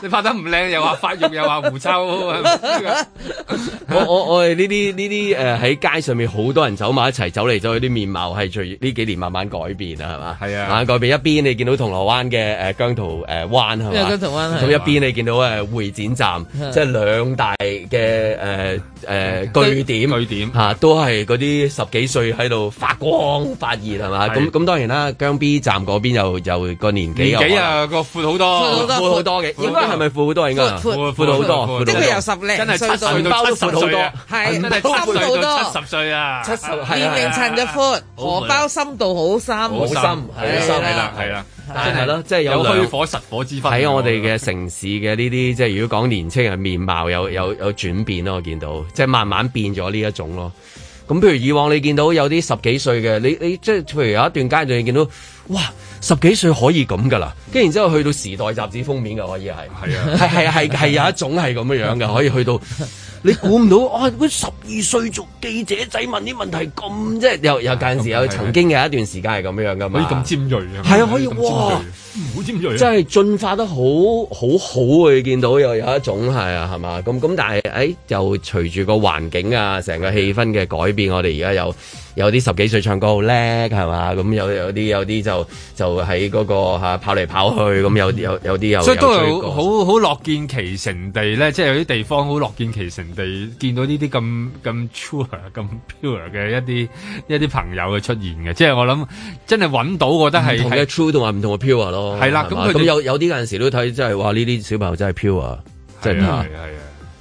你拍得唔靚又話發育又話狐臭，我我我係呢啲呢啲誒，喺街上面好多人走埋一齊走嚟走去，啲面貌係隨住呢幾年慢慢改變啦係嘛？係啊，改變一邊，你見到銅鑼灣嘅誒姜濤誒灣係嘛？邊濤灣咁，一邊你見到誒會展站，即係兩大嘅誒誒據點，據點都係嗰啲十幾歲喺度發光發熱係嘛？咁咁當然啦，姜 B 站嗰邊又又個年紀年紀啊個闊好多，闊好多嘅。係咪闊好多？應該闊闊好多，即係佢十零，真係七歲到七十好多，係深好多，七十歲啊，年齡襯咗闊，荷包深度好深好深，係啦係啦，係咯，即係有虛火實火之分喺我哋嘅城市嘅呢啲，即係如果講年輕人面貌有有有轉變咯，我見到即係慢慢變咗呢一種咯。咁譬如以往你見到有啲十幾歲嘅，你你即係譬如有一段階段你見到。哇！十幾歲可以咁噶啦，跟然之後去到時代雜誌封面嘅可以係，係啊呀，係係係係有一種係咁樣樣嘅，可以去到你估唔到啊！十二歲做記者仔問啲問題咁，即係又又間時有曾經有一段時間係咁樣樣噶嘛，可以咁尖鋭啊！係啊，可以、啊、旁邊哇！唔好尖鋭，真係進化得好，好好好啊！見到又有一種係啊，係嘛？咁咁但係誒，又、欸、隨住個環境啊，成個氣氛嘅改變，我哋而家有。有啲十幾歲唱歌好叻係嘛？咁有有啲有啲就就喺嗰個跑嚟跑去咁，有啲有有啲又所以都有好好樂見其成地咧，即係有啲地方好樂見其成地見到呢啲咁咁 true、咁 pure 嘅一啲一啲朋友嘅出現嘅，即係我諗真係揾到，覺得係唔同嘅 true 同埋唔同嘅 pure 咯。係啦，咁佢有有啲有陣時都睇，即係話呢啲小朋友真係 pure，真係。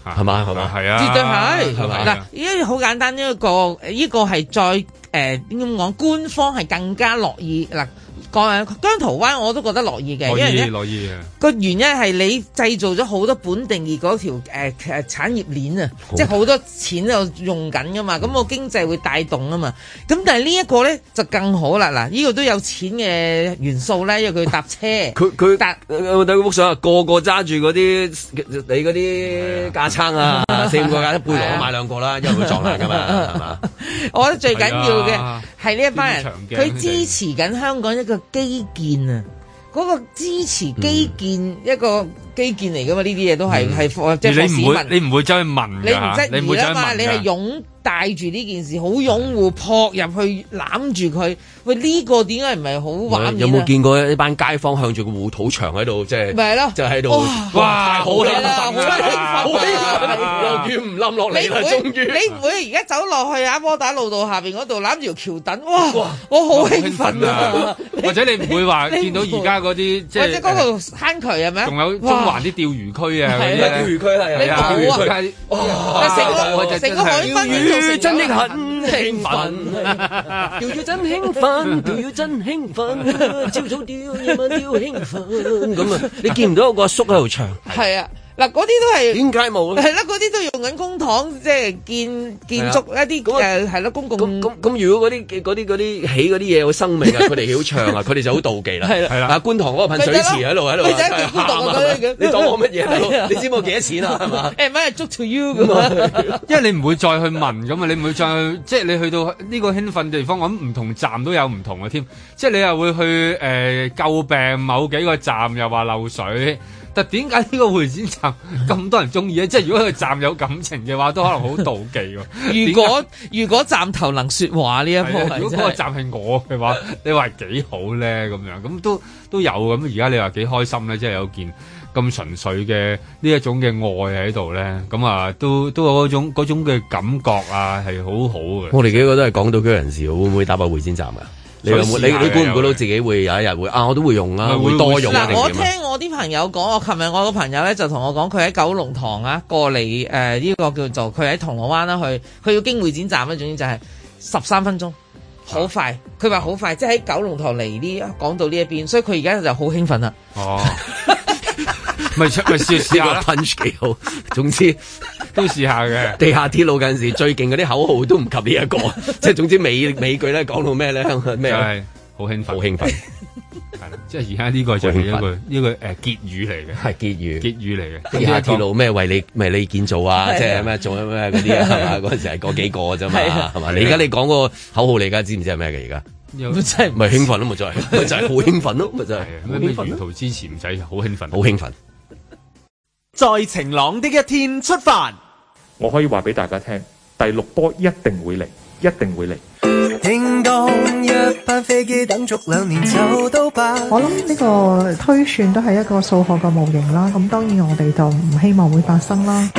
係嘛，係嘛，係啊，絕對係，嗱，呢個好簡單一個，呢個係再誒點講，呃、that, 官方係更加樂意嗱。講姜濤灣我都覺得樂意嘅，因為樂意嘅。個原因係你製造咗好多本地嗰條誒誒產業鏈啊，即係好多錢就用緊噶嘛，咁我經濟會帶動啊嘛。咁但係呢一個咧就更好啦，嗱呢個都有錢嘅元素咧，因為佢搭車，佢佢搭等佢屋上啊，個個揸住嗰啲你嗰啲架撐啊，四五個架背囊都買兩個啦，因為佢撞爛噶嘛，係嘛？我覺得最緊要嘅係呢一班人，佢支持緊香港一個。基建啊，嗰、嗰個支持基建、嗯、一個基建嚟噶嘛？呢啲嘢都係係、嗯、即係市民，你唔會你唔會走去問，你唔、啊、質疑啊嘛？你係擁、啊。帶住呢件事好擁護撲入去攬住佢，喂，呢個點解唔係好畫面咧？有冇見過呢班街坊向住個護土牆喺度即係咪係咯？就喺度哇！好興奮，好興奮，終於唔冧落嚟啦！終於你會而家走落去啊波打路道下邊嗰度攬住條橋墩，哇！我好興奮啊！或者你唔會話見到而家嗰啲即係或者嗰個坑渠係咪？仲有中環啲釣魚區啊？係釣魚區係啊！成個成個海濱。真得很興奮，釣要真興奮，釣要真興奮，朝早釣，夜晚釣，興奮。咁啊，你見唔到個阿叔喺度唱？係 啊。嗱嗰啲都係點解冇咧？係啦，嗰啲都用緊公帑，即係建建築一啲誒，係啦，公共咁咁咁。如果嗰啲啲啲起嗰啲嘢好生命啊，佢哋好長啊，佢哋就好妒忌啦。係啦係啦，啊觀塘嗰個噴水池喺度喺度，你盪啊！你講我乜嘢你知冇幾多錢啊？誒唔係，祝 to you 噶嘛？因為你唔會再去問咁啊，你唔會再去即係你去到呢個興奮地方，我諗唔同站都有唔同嘅添。即係你又會去誒救病某幾個站，又話漏水。但點解呢個會展站咁多人中意咧？ 即係如果佢站有感情嘅話，都可能好妒忌 如果 如果站頭能説話呢一個、啊，如果嗰個站係我嘅話， 你話幾好咧？咁樣咁都都有咁。而家你話幾開心咧？即係有件咁純粹嘅呢一種嘅愛喺度咧。咁啊，都都有嗰種嘅感覺啊，係好好嘅。我哋幾個都係港島區人士，會唔會搭埋會展站啊？你你估唔估到自己會有一日會,會啊？我都會用啦、啊，是會,會多用、啊。嗱試，我聽我啲朋友講，我琴日我個朋友咧就同我講，佢喺九龍塘啊過嚟誒呢個叫做佢喺銅鑼灣啦、啊，去，佢要經會展站啦、啊，總之就係十三分鐘，好快。佢話好快，即係喺九龍塘嚟呢講到呢一邊，所以佢而家就好興奮啦、啊。哦、啊。咪出咪試試個 punch 幾好，總之都試下嘅。地下鐵路嗰陣時最勁嗰啲口號都唔及呢一個，即係總之美美句咧講到咩咧咩？就係好興奮，好興奮，即係而家呢個就係一個呢個誒結語嚟嘅。係結語，結語嚟嘅。地下鐵路咩為你，為你建造啊？即係咩做咩嗰啲係嘛？嗰陣時係嗰幾個啫嘛係嘛？你而家你講嗰個口號，你而家知唔知係咩嘅而家？有即係咪興奮咯？咪就係就係好興奮咯？咪就係咩？沿途支持唔使，好興奮，好興奮。在晴朗的一天出發，我可以話俾大家聽，第六波一定會嚟，一定會嚟。聽一班飛機等我諗呢個推算都係一個數學個模型啦，咁當然我哋就唔希望會發生啦。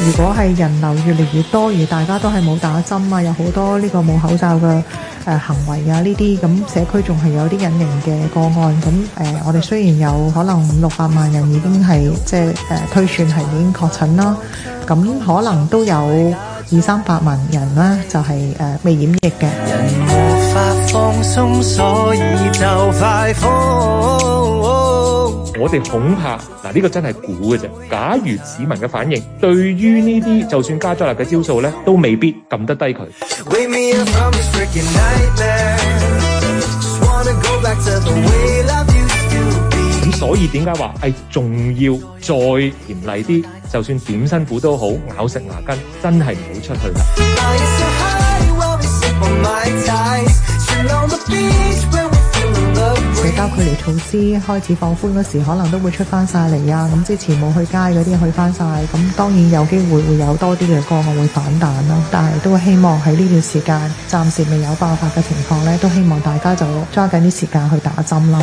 如果係人流越嚟越多，而大家都係冇打針啊，有好多呢個冇口罩嘅誒、呃、行為啊，呢啲咁社區仲係有啲隱形嘅個案，咁誒、呃，我哋雖然有可能五六百萬人已經係即係誒、呃、推算係已經確診啦，咁可能都有二三百萬人啦，就係、是、誒、呃、未染疫嘅。 我哋恐怕嗱呢個真係估嘅啫。假如市民嘅反應對於呢啲就算加咗辣嘅招數咧，都未必撳得低佢。咁所以點解話仲要再嚴厲啲，就算點辛苦都好，咬實牙根，真係唔好出去啦。社交距離措施開始放寬嗰時，可能都會出翻晒嚟啊！咁、嗯、之前冇去街嗰啲去翻晒。咁、嗯、當然有機會會有多啲嘅個案會反彈咯。但係都希望喺呢段時間暫時未有爆發嘅情況呢，都希望大家就抓緊啲時間去打針啦。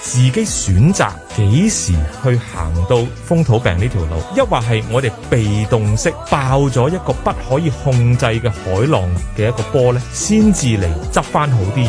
自己選擇幾時去行到風土病呢條路，抑或係我哋被動式爆咗一個不可以控制嘅海浪嘅一個波呢？先至嚟執翻好啲嘢。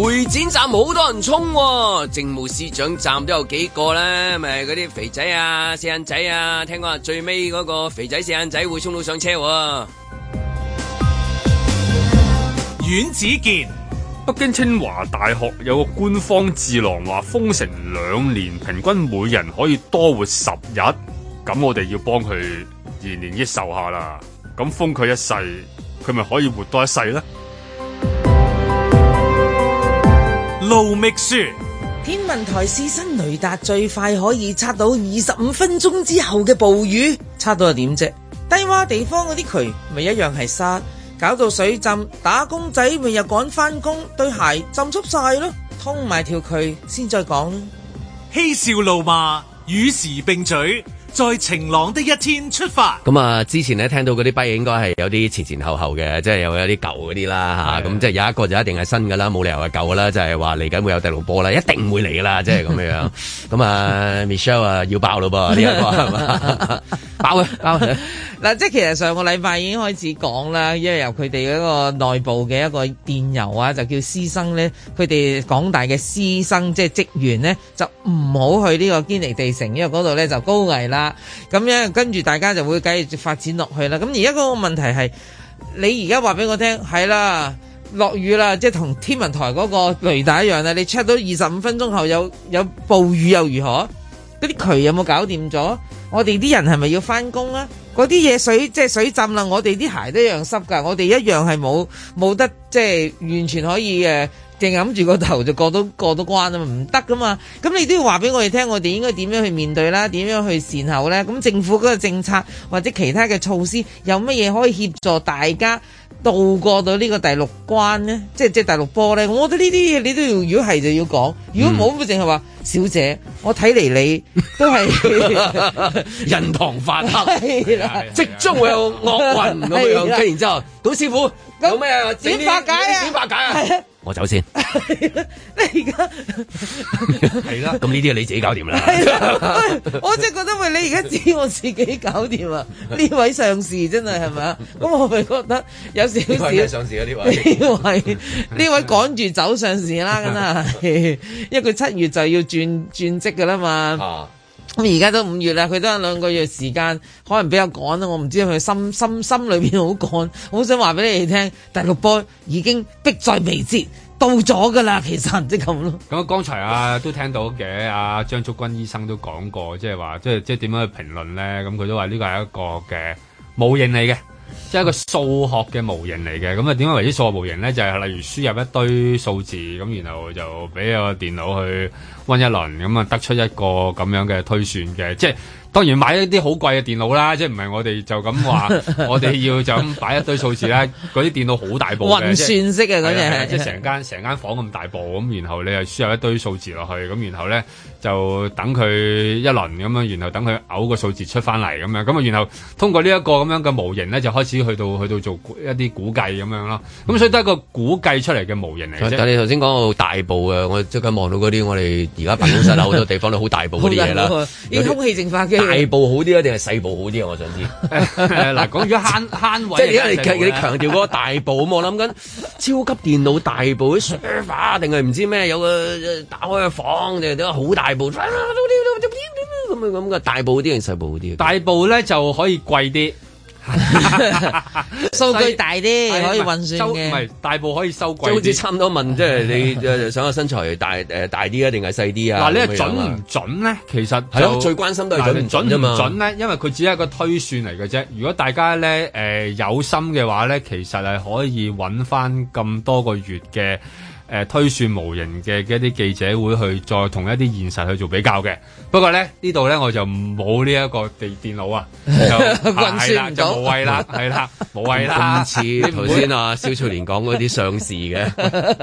會展站好多人衝、啊，政務司長站都有幾個啦，咪嗰啲肥仔啊、四眼仔啊，聽講話最尾嗰個肥仔、四眼仔會衝到上車、啊。阮子健，北京清華大學有個官方智囊話封城兩年，平均每人可以多活十日，咁我哋要幫佢延年益壽下啦，咁封佢一世，佢咪可以活多一世咧？路未疏，雪天文台試新雷達，最快可以測到二十五分鐘之後嘅暴雨。測到又點啫？低窪地方嗰啲渠咪一樣係沙，搞到水浸，打工仔咪又趕翻工，對鞋浸濕晒咯。通埋條渠先再講。嬉笑怒罵與時並舉。在晴朗的一天出發。咁啊，之前咧聽到嗰啲碑應該係有啲前前後後嘅，即係又有啲舊嗰啲啦嚇。咁的、啊、即係有一個就一定係新嘅啦，冇理由係舊嘅啦。就係話嚟緊會有第六波啦，一定唔會嚟㗎啦，即係咁樣樣。咁啊，Michelle 啊，Mich 啊 要爆咯噃呢一個係嘛？爆啊！嗱，即係其實上個禮拜已經開始講啦，因為由佢哋嗰個內部嘅一個電郵啊，就叫師生咧，佢哋廣大嘅師生即係職員呢，就唔好去呢個堅尼地城，因為嗰度咧就高危啦。咁樣跟住大家就會繼續發展落去啦。咁而家嗰個問題係，你而家話俾我聽係啦，落雨啦，即係同天文台嗰個雷達一樣啦。你 check 到二十五分鐘後有有暴雨又如何？嗰啲渠有冇搞掂咗？我哋啲人係咪要翻工啊？嗰啲嘢水即係水浸啦，我哋啲鞋都一樣濕噶，我哋一樣係冇冇得即係完全可以誒。淨係諗住個頭就過到過到關啊嘛，唔得噶嘛，咁你都要話俾我哋聽，我哋應該點樣去面對啦，點樣去善後咧？咁政府嗰個政策或者其他嘅措施有乜嘢可以協助大家渡過到呢個第六關咧？即即第六波咧？我覺得呢啲嘢你都要，如果係就要講，如果冇咪淨係話，小姐，我睇嚟你都係 印堂發黑，即啦、啊，即將會、啊啊、有惡運咁樣，然之後，董師傅那有咩啊？點化解啊？點化解啊？我走先， 你而家係啦，咁呢啲啊你自己搞掂啦。我真係覺得喂，你而家知我自己搞掂啊！呢位上司真係係咪啊？咁我咪覺得有少少上司啊呢位呢 位呢位趕住走上司啦，咁啊，因為佢七月就要轉轉職噶啦嘛。啊咁而家都五月啦，佢都有兩個月時間，可能比較趕啦。我唔知佢心心心裏邊好趕，好想話俾你聽，第六波已經迫在眉睫，到咗噶啦。其實即係咁咯。咁剛才啊，都聽到嘅阿張竹君醫生都講過，即係話，即係即係點樣去評論咧？咁佢都話呢個係一個嘅冇形嚟嘅。即係一個數學嘅模型嚟嘅，咁啊點解為之數學模型咧？就係、是、例如輸入一堆數字，咁然後就俾個電腦去温一輪，咁啊得出一個咁樣嘅推算嘅。即係當然買一啲好貴嘅電腦啦，即係唔係我哋就咁話， 我哋要就咁擺一堆數字啦。嗰啲電腦好大部嘅 運算式嘅嗰隻，即係是成間成間房咁大部咁，然後你又輸入一堆數字落去，咁然後咧。就等佢一輪咁樣，然後等佢嘔個數字出翻嚟咁樣，咁啊，然後通過呢一個咁樣嘅模型咧，就開始去到去到做一啲估計咁樣咯。咁所以都係一個估計出嚟嘅模型嚟啫。但你頭先講到大部啊，我即刻望到嗰啲我哋而家辦公室啊，好多地方都大 好大部嗰啲嘢啦。啲些空氣淨化機大部好啲啊，定係細部好啲啊？我想知。嗱， 講咗慳慳位，即係而家你強你強調嗰個大部咁， 我諗緊超級電腦大部啲舒服定係唔知咩有個打開嘅房定係點啊？好大。大部咁樣咁嘅，大部啲定細部啲？大部咧就可以貴啲，收 得 大啲，是可以運算嘅。唔係大部可以收貴啲，就好似差唔多問，即係 你想個身材大誒大啲啊，定係細啲啊？嗱，你係準唔準咧？其實係咯、啊，最關心都係準唔準啫嘛。因為佢只係一個推算嚟嘅啫。如果大家咧誒、呃、有心嘅話咧，其實係可以揾翻咁多個月嘅。誒、呃、推算模型嘅一啲記者會去再同一啲現實去做比較嘅。不過咧，呢度咧我就冇呢一個電電腦啊，就係啦，就冇謂啦，係啦，冇謂啦。似頭先阿蕭翠蓮講嗰啲上市嘅，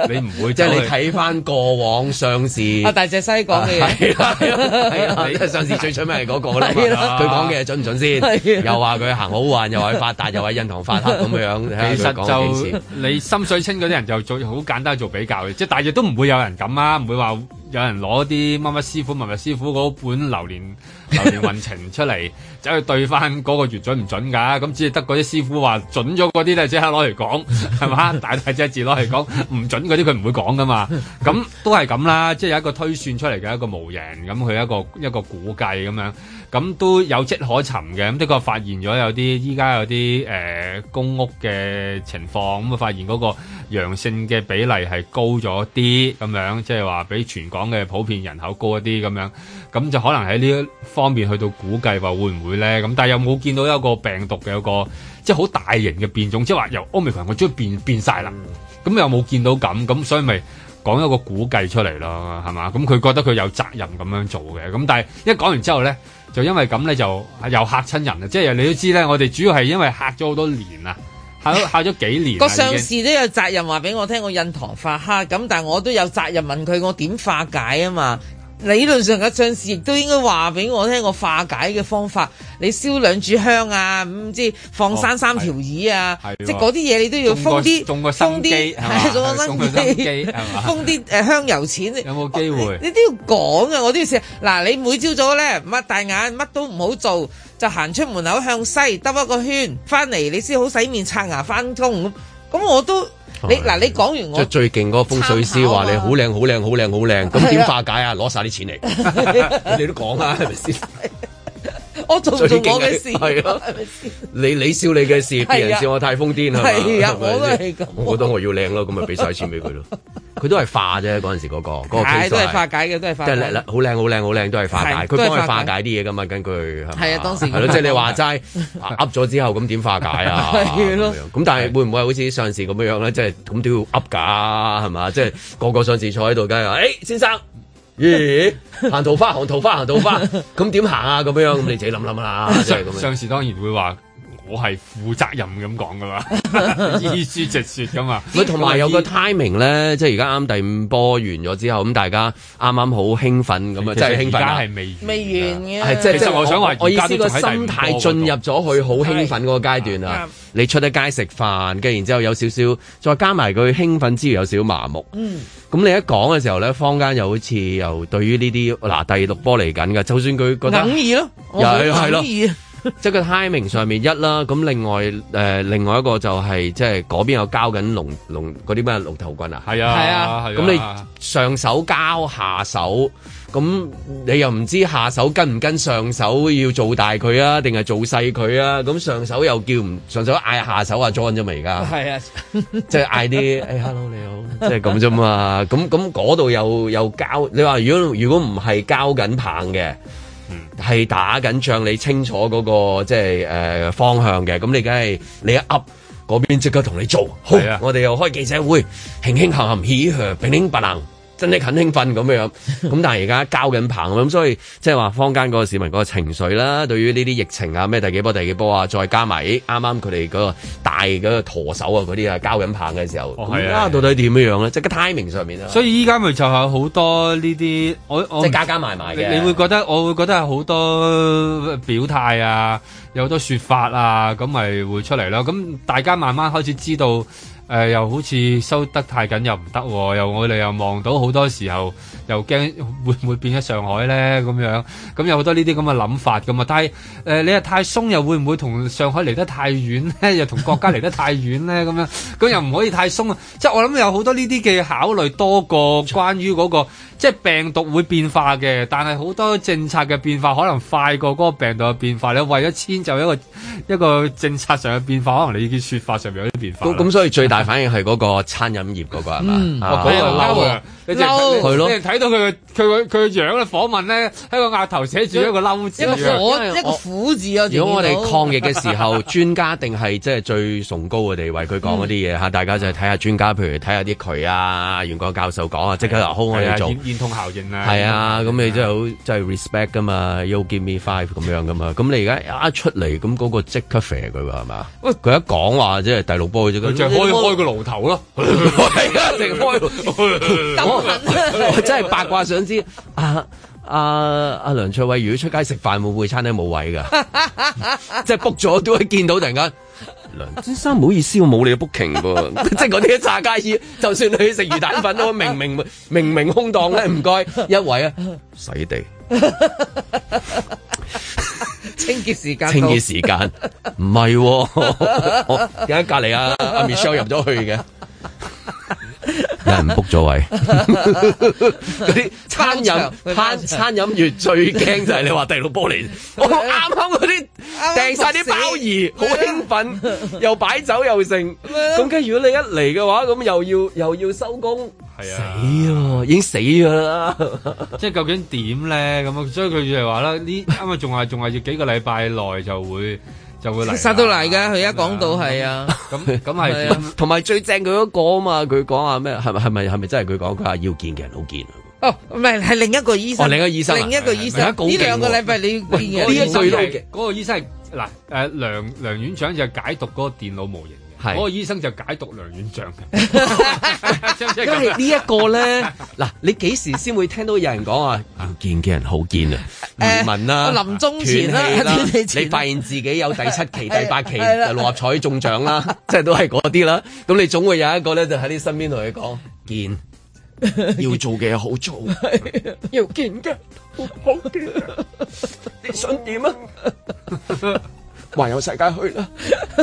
你唔會，即係你睇翻過往上市。大隻西講嘅嘢，係啊，你上市最出名嗰個啦嘛。佢講嘅嘢準唔準先？又話佢行好運，又話發達，又話印堂發黑咁樣。其實前，你心水清嗰啲人就做好簡單做比較嘅，即係大隻都唔會有人咁啊，唔會話。有人攞啲乜乜師傅、乜乜師傅嗰本流年流年運程出嚟，走 去對返嗰個月準唔準㗎？咁只係得嗰啲師傅話準咗嗰啲咧，即刻攞嚟講，係嘛？ 大大隻字攞嚟講，唔準嗰啲佢唔會講㗎嘛。咁都係咁啦，即係有一個推算出嚟嘅一個模型，咁佢一個一個估計咁樣。咁都有跡可尋嘅，咁、嗯、的確發現咗有啲，依家有啲誒、呃、公屋嘅情況，咁、嗯、啊發現嗰個陽性嘅比例係高咗啲，咁樣即係話比全港嘅普遍人口高一啲咁樣，咁就可能喺呢一方面去到估計話會唔會咧？咁但係有冇見到一個病毒嘅一個即係好大型嘅變種，即係話由奧密克戎變變曬啦，咁又冇見到咁，咁所以咪講一個估計出嚟咯，係嘛？咁佢覺得佢有責任咁樣做嘅，咁但係一講完之後咧。就因為咁咧，就又嚇親人啊！即係你都知咧，我哋主要係因為嚇咗好多年啊，嚇嚇咗幾年啦。個上司都有責任話俾我聽，我印堂發黑咁，但我都有責任問佢我點化解啊嘛。理論上嘅相士亦都應該話俾我聽，我化解嘅方法，你燒兩炷香啊，唔知放生三條魚啊，哦、即係嗰啲嘢你都要封啲封啲點，係嘛吧？封啲誒香油錢，有冇機會、哦你？你都要講啊！我都要試嗱，你每朝早咧擘大眼，乜都唔好做，就行出門口向西兜一個圈，翻嚟你先好洗面刷牙翻工咁。咁我都你嗱，你講完我即係最勁嗰個風水師話你好靚，好靚，好靚，好靚，咁點化解啊？攞晒啲錢嚟，你都講啦，係咪先？我做做我嘅事係咯，係咪先？你你笑你嘅事，別人笑我太瘋癲係咪？我都我覺得我要靚咯，咁咪俾晒錢俾佢咯。佢都係化啫，嗰陣時嗰個嗰個 case 都係化解嘅，都係化解。即係好靚，好靚，好靚，都係化解。佢幫佢化解啲嘢噶嘛，根據係啊，當時係咯，即係你話齋噏咗之後咁點化解啊？咁但係會唔會好似上士咁樣樣咧？即係咁都要噏噶，係嘛？即係個個上士坐喺度，梗係話，誒先生，行桃花行桃花行桃花，咁點行啊？咁樣咁你自己諗諗啦。上上時當然唔會話。我係負責任咁講噶嘛，依書直說噶嘛。同埋有個 timing 咧，即係而家啱第五波完咗之後，咁大家啱啱好興奮咁啊！即係興奮，而家係未未完嘅。係即係想話，我意思個心態進入咗去好興奮嗰個階段啊。你出得街食飯，跟然之後有少少，再加埋佢興奮之餘有少少麻木。咁你一講嘅時候咧，坊間又好似又對於呢啲嗱第六波嚟緊嘅，就算佢覺得，五咯，又咯。即係個 timing 上面一啦，咁另外誒，另外一個就係即係嗰邊有交緊龍龍嗰啲咩龍頭棍啊？係啊，係啊，咁你上手交下手，咁你又唔知下手跟唔跟上手要做大佢啊，定係做細佢啊？咁上手又叫唔上手嗌下手啊 John 啫嘛而家，係啊，即係嗌啲誒 hello，你好，即係咁啫嘛。咁咁嗰度又又交，你話如果如果唔係交緊棒嘅。嗯，係打緊仗，你清楚個即係誒方向嘅，咁你梗係你一 up 邊即刻同你做，好。我哋又開記者會，輕輕含含，起起平平，拔能。真的肯興奮咁樣，咁但係而家交緊棒咁，所以即係話坊間嗰個市民嗰個情緒啦，對於呢啲疫情啊咩第幾波第幾波啊，再加埋啱啱佢哋嗰個大嗰個舵手啊嗰啲啊交緊棒嘅時候，咁家、哦啊、到底點樣樣咧？即係個 timing 上面啊，所以依家咪就係好多呢啲，我，我即係加加埋埋嘅。你會覺得我會覺得係好多表態啊，有好多説法啊，咁咪會出嚟咯。咁大家慢慢開始知道。誒、呃、又好似收得太緊又唔得，啊，又我哋又望到好多時候。又驚會唔會變咗上海咧咁樣，咁有好多呢啲咁嘅諗法㗎嘛。但係誒、呃、你又太鬆又會唔會同上海離得太遠咧？又同國家離得太遠咧咁樣，咁又唔可以太鬆啊！即係我諗有好多呢啲嘅考慮多過關於嗰、嗰個，即係病毒會變化嘅，但係好多政策嘅變化可能快過嗰個病毒嘅變化。你為咗遷就一個一個政策上嘅變化，可能你已經說法上面有啲變化。咁所以最大反應係嗰個餐飲業嗰個係嘛？哇、啊！嗰個係睇到佢佢佢佢樣咧，訪問咧，喺個額頭寫住一個嬲字啊，一個苦字啊。如果我哋抗疫嘅時候，專家定係即係最崇高嘅地位，佢講嗰啲嘢吓，大家就睇下專家，譬如睇下啲佢啊，袁國勇教授講啊，即刻留空我哋做。延延通效應啊，係啊，咁你真係好，即係 respect 噶嘛，You give me five 咁樣噶嘛，咁你而家一出嚟咁嗰個即刻肥佢喎係嘛？喂，佢一講話即係第六波嘅啫，佢就開開個爐頭咯，係啊，直開，八卦想知阿阿阿梁卓偉如果出街食飯，會唔會餐廳冇位噶？ 即係 book 咗都會見到突然間，梁先生唔好意思，我冇你嘅 booking 噃。 即係嗰啲炸雞翅，就算你食魚蛋粉都明明明明空檔咧，唔 該一位啊！ 洗地 清潔時間， 清潔時間唔係，點解隔籬阿阿 Michelle 入咗去嘅。 有人 book 咗位， 嗰啲餐飲餐餐飲業最驚就係你話第六波嚟，我啱啱嗰啲掟晒啲鮑魚，好興奮， 又擺酒又剩，咁跟 如果你一嚟嘅話，咁又要又要收工，係 啊，死啊，已經死咗啦， 即係究竟點咧？咁啊，所以佢就係話啦，呢啱啱仲係仲係要幾個禮拜內就會。就會嚟，殺到嚟噶，佢而家講到係啊，咁咁係，同埋最正佢嗰個啊嘛，佢講話咩，係咪係咪係咪真係佢講，佢話要見嘅人好見。啊。哦，唔係，係另一個醫生，另一個醫生，另一個醫生，呢兩個禮拜你要見嘅呢個係嗰個醫生係嗱，誒梁梁院長就係解讀個電腦模型。嗰個是醫生就解讀梁院將嘅， 是是因為呢一個咧，嗱， 你幾時先會聽到有人講啊？要 見嘅人好見啊！移民啦，臨終、啊、前，前啦，啦前啦你發現自己有第七期、 第八期六合彩中獎啦， 即係都係嗰啲啦。咁你總會有一個咧，就喺你身邊同你講：見，要做嘅嘢好做， 要見嘅好，好見， 你想點啊？ 話遊世界去啦，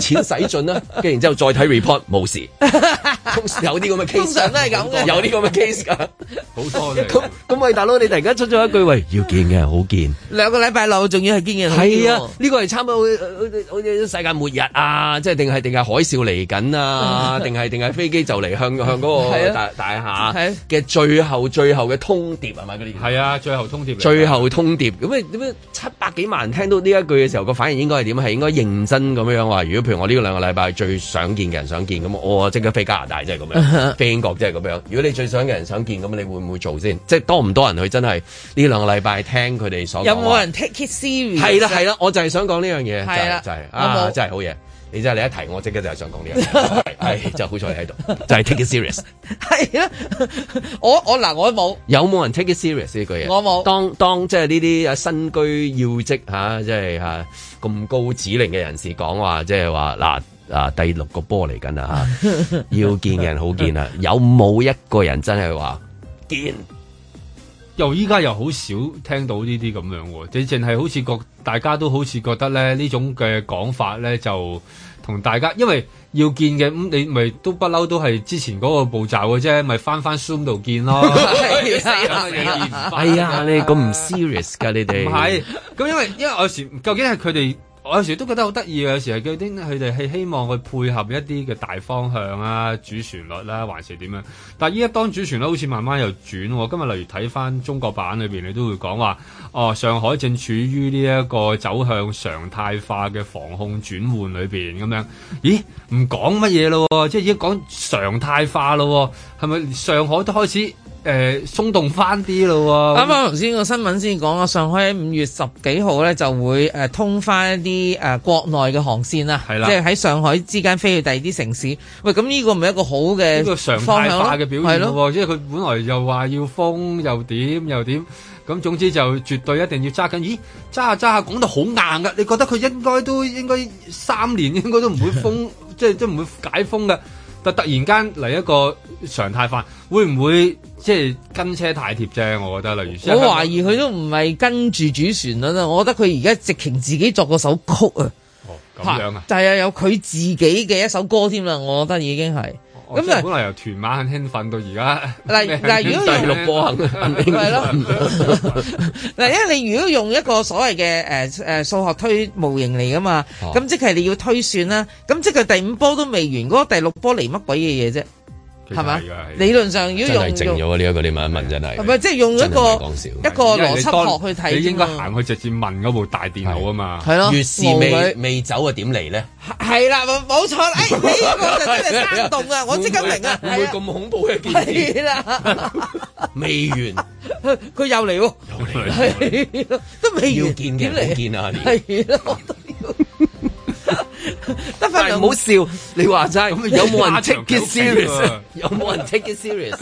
錢使盡啦，跟然之後再睇 report 冇事，有啲咁嘅 case 都係咁嘅，有啲咁嘅 case 噶，好多嘅。咁咁喂， 大佬你突然間出咗一句喂，要見嘅，好見。兩個禮拜六仲要係見嘅，係啊，呢個係差唔多好似世界末日啊，即係定係定係海嘯嚟緊啊，定係定係飛機就嚟向向嗰個大、 啊、大廈嘅最後 最後嘅通牒啊嘛嗰啲。係啊，最後通牒。最後通牒。咁咩？點樣七百幾萬人聽到呢一句嘅時候個反應應該係點？係該認真咁樣話，如果譬如我呢個兩個禮拜最想見嘅人想見，咁我即刻飛加拿大，即係咁樣， 飛英國，即係咁樣。如果你最想嘅人想見，咁你會唔會做先？即係多唔多人去真？真係呢兩個禮拜聽佢哋所講。有冇人 take it serious？係啦係啦，我就係想講呢樣嘢，就係、就係、啊，真係好嘢。你真係你一提我即刻就係想講呢樣嘢，係、 哎、真係好彩你喺度，就係 take it serious，係 啊，我我嗱我冇有冇人 take it serious 呢句嘢？我冇。當當即係呢啲啊身居要職吓，即係吓咁高指令嘅人士講話，即係話嗱啊，啊第六個波嚟緊啊。吓要見嘅人好見啊， 有冇一個人真係話見？又依家又好少聽到呢啲咁樣，即係淨係好似覺。大家都好似覺得咧呢種嘅講法咧，就同大家因為要見嘅咁，你咪都不嬲都係之前嗰個步驟嘅啫，咪翻翻 Zoom 度見咯。係啊，你咁唔 serious 㗎？ 你哋唔係咁， 因為因為有時究竟係佢哋。我有時都覺得好得意啊。有時佢啲佢哋係希望佢配合一啲嘅大方向啊、主旋律啦，還是點樣？但係依家當主旋律好似慢慢又轉喎。今日例如睇翻中國版裏邊，你都會講話，哦，上海正處於呢一個走向常態化嘅防控轉換裏邊咁樣。咦？唔講乜嘢咯？即係已經講常態化咯？係咪上海都開始？誒、呃、鬆動翻啲咯喎！啱啱頭先個新聞先講啦，上海五月十幾號咧就會誒、呃、通翻一啲誒、呃、國內嘅航線啦，係啦的，即係喺上海之間飛去第二啲城市。喂，咁呢個唔係一個好嘅呢個常態化嘅表現咯、哦，的即係佢本來又話要封又點又點咁，總之就絕對一定要揸緊。咦，揸下揸下講到好硬噶，你覺得佢應該都應該三年應該都唔會封， 即係都唔會解封嘅，但突然間嚟一個常態化，會唔會？即係跟車太貼啫，我覺得例如。我懷疑佢都唔係跟住主旋律啦，嗯、我覺得佢而家直情自己作個首曲啊。哦，咁樣啊，啊就係、是、有佢自己嘅一首歌添啦，我覺得已經係。咁啊、哦，嗯、本來由屯馬興奮到而家。嗱嗱但，但如果用六波係咯。嗱 因為你如果用一個所謂嘅誒誒數學推模型嚟㗎嘛，咁、啊、即係你要推算啦。咁即係第五波都未完，嗰個第六波嚟乜鬼嘢嘢啫？係咪？理論上如果用真係靜咗啊！呢一個你問一問，真係。係咪即係用咗一個一個邏輯落去睇？你應該行去直接問嗰部大電腦啊嘛。係咯。越是未未走啊，點嚟咧？係啦，冇錯。哎，呢個就真係生動啊！我即刻明啊。唔會咁恐怖嘅。未完，佢又嚟喎。嚟！都未要見嘅，唔見啊！係要！得翻嚟，唔好笑。你話齋，有冇人 take it serious？有冇人 take it serious？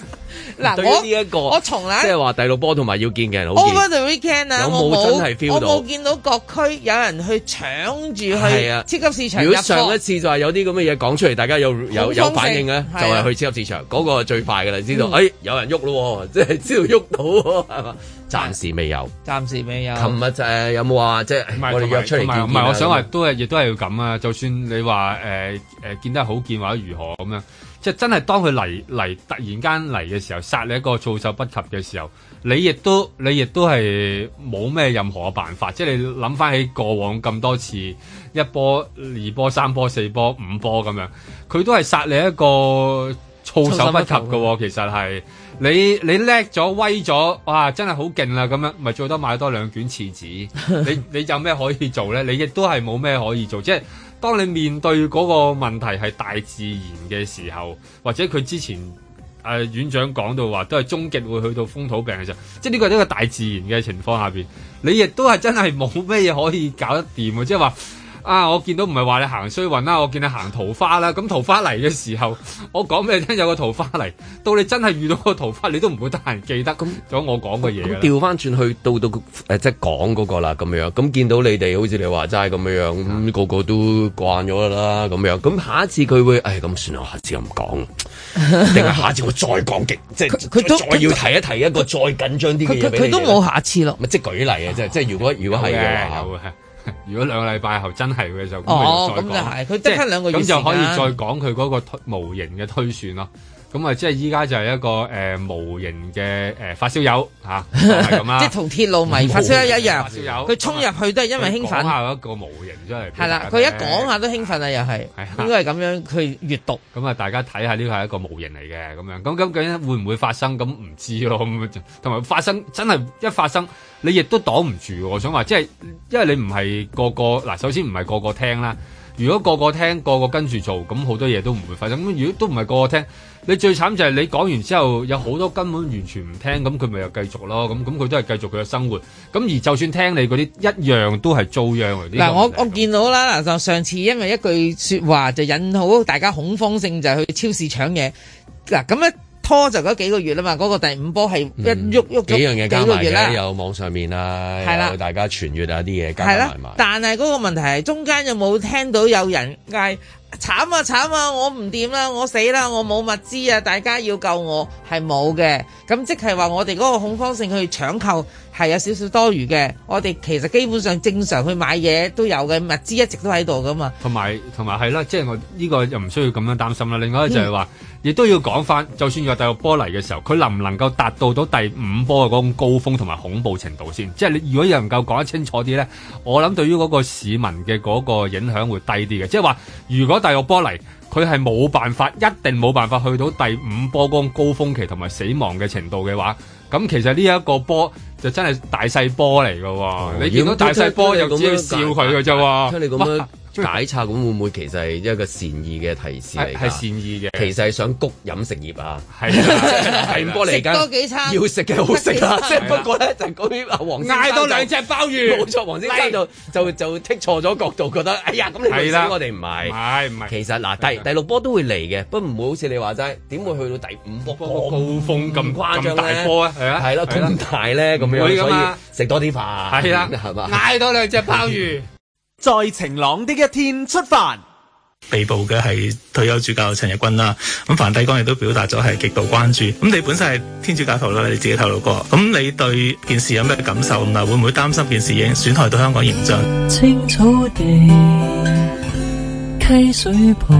嗱，呢一個我我從來即係話第六波同埋要見嘅人好見，有冇真係 feel 到？我冇見到各區有人去搶住去超級市場。如果上一次就係有啲咁嘅嘢講出嚟，大家有有有反應咧，就係去超級市場嗰個最快噶啦。知道誒，有人喐咯，即係知道喐到，暫時未有。暫時未有。琴日就係，有冇話即係我哋約出嚟？唔係唔係，我想話都係亦都係要咁啊。就算。你話誒誒見得好見，或者如何咁樣？即係真係當佢嚟嚟，突然間嚟嘅時候，殺你一個措手不及嘅時候，你亦都你亦都係冇咩任何嘅辦法。即係你諗翻起過往咁多次一波、二波、三波、四波、五波咁樣，佢都係殺你一個措手不及嘅，哦。其實係你你叻咗威咗，哇！真係好勁啦。咁樣咪最多買多兩卷廁紙。你你有咩可以做咧？你亦都係冇咩可以做，即係。當你面對嗰個問題係大自然嘅時候，或者佢之前誒、呃、院長講到話，都係終極會去到風土病嘅時候，即係呢個都係大自然嘅情況下邊，你亦都係真係冇咩嘢可以搞得掂啊！即係話。啊！我見到唔係話你行衰運啦，我見你行桃花啦。咁桃花嚟嘅時候，我講俾你聽有個桃花嚟。到你真係遇到個桃花，你都唔會得閒記得咁咗我講嘅嘢。咁調翻轉去，到到、呃、即係講嗰個啦，咁樣。咁見到你哋好似你話齋咁樣，咁、嗯、個個都慣咗啦，咁樣。咁下一次佢會，誒，咁算啦，下次唔講，定係下，下次我再講極，即係再要提一提一個再緊張啲佢佢佢都冇下次咯。咪即係舉例啊！即係如果如果係嘅如果兩個禮拜後真係嘅就咁，佢再講。哦，咁就係、是、佢即刻咁就可以再講佢嗰個推模型嘅推算咯。咁啊，即係依家就係一個誒模型嘅誒發燒友吓，即係同鐵路迷發燒友一樣。佢衝入去都係因為興奮。講下一個模型真係係啦，佢一講下都興奮啦，又係應該係咁樣。去閱讀咁啊，大家睇下呢個係一個模型嚟嘅咁樣。咁咁究竟會唔會發生？咁唔知咯。咁樣，同埋發生真係一發生，你亦都擋唔住。我想話，即係因為你唔係個個嗱，首先唔係個個聽啦。如果個個聽，個個跟住做，咁好多嘢都唔會發生。咁如果都唔係個個聽，你最慘就係你講完之後，有好多根本完全唔聽，咁佢咪又繼續咯。咁咁佢都係繼續佢嘅生活。咁而就算聽你嗰啲，一樣都係遭殃。嗱，我我見到啦，嗱就上次因為一句説話就引好大家恐慌性就去超市搶嘢。嗱咁咧。波就嗰幾個月啦嘛，嗰、那個第五波係一喐喐、嗯、幾樣嘢加埋啦，有網上面、啊、啦，的大家傳閱啊啲嘢的加埋。但係嗰個問題係中間有冇聽到有人嗌慘啊慘啊！我唔掂啦，我死啦，我冇物資啊！大家要救我係冇嘅。咁即係話我哋嗰個恐慌性去搶購係有少少多餘嘅。我哋其實基本上正常去買嘢都有嘅物資一直都喺度噶嘛。同埋同埋係啦，即係、就是、我呢個又唔需要咁樣擔心啦。另外就係話。嗯亦都要講翻，就算若第六波嚟嘅時候，佢能唔能夠達到到第五波嘅嗰種高峰同埋恐怖程度先？即係你如果能夠講得清楚啲呢，我諗對於嗰個市民嘅嗰個影響會低啲嘅。即係話，如果第六波嚟，佢係冇辦法，一定冇辦法去到第五波嗰種高峰期同埋死亡嘅程度嘅話，咁其實呢一個波就真係大細波嚟嘅喎。哦、你見到大細波又只會笑佢嘅就話，解策咁會唔會其實係一個善意嘅提示嚟？係善意嘅，其實係想谷飲食業啊。係唔過你而家要食嘅好食啦。即係不過咧就講啲阿黃先生嗌多兩隻鮑魚，冇錯，黃先生就就就剔錯咗角度，覺得哎呀咁你唔使我哋唔買，唔係。其實嗱，第第六波都會嚟嘅，不過唔會好似你話齋，點會去到第五波高峰咁誇張大波啊？係啦，咁大咧咁樣，所以食多啲飯係啦，係嘛？嗌多兩隻鮑魚。在晴朗的一天出發，被捕嘅係退休主教陳日君啦。咁梵蒂岡亦都表達咗係極度關注。咁你本身係天主教徒啦，你自己透露過。咁你對件事有咩感受？嗱，會唔會擔心件事已經損害到香港形象？青草地溪水旁，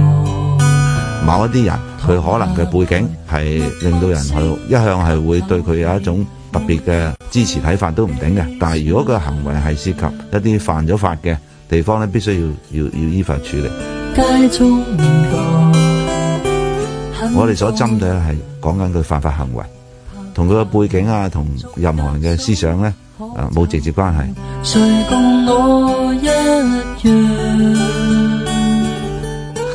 某一啲人佢可能嘅背景係令到人去，一向係會對佢有一種特別嘅支持睇法都唔定嘅。但係如果個行為係涉及一啲犯咗法嘅。地方咧，必須要要要依法處理。我哋所針對咧係講緊佢犯法行為，同佢嘅背景啊，同任何人嘅思想咧，啊冇直接關係。誰共我一樣，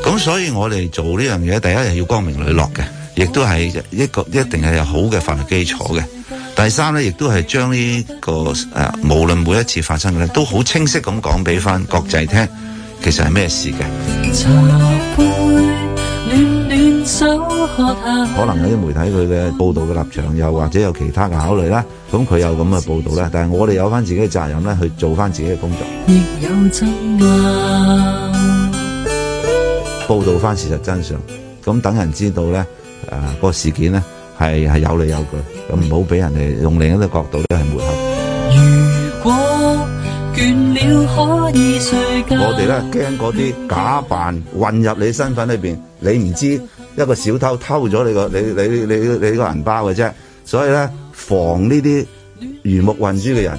咁所以，我哋做呢樣嘢，第一係要光明磊落嘅，亦都係一個一定係有好嘅法律基礎嘅。第三咧，亦都係將呢個誒，無論每一次發生嘅咧，都好清晰咁講俾翻國際聽，其實係咩事嘅。茶杯亂亂，可能有啲媒體佢嘅報道嘅立場，又或者有其他嘅考慮啦，咁佢有咁嘅報道咧。但係我哋有翻自己嘅責任咧，去做翻自己嘅工作，有報道翻事實真相，咁等人知道咧，誒個事件咧。係係有理有據，咁唔好俾人哋用另一個角度咧，係抹黑。如果我哋咧驚嗰啲假扮混入你身份裏邊，你唔知 一個小偷偷咗你個你你你你個銀包嘅啫，所以咧防呢啲魚目混珠嘅人。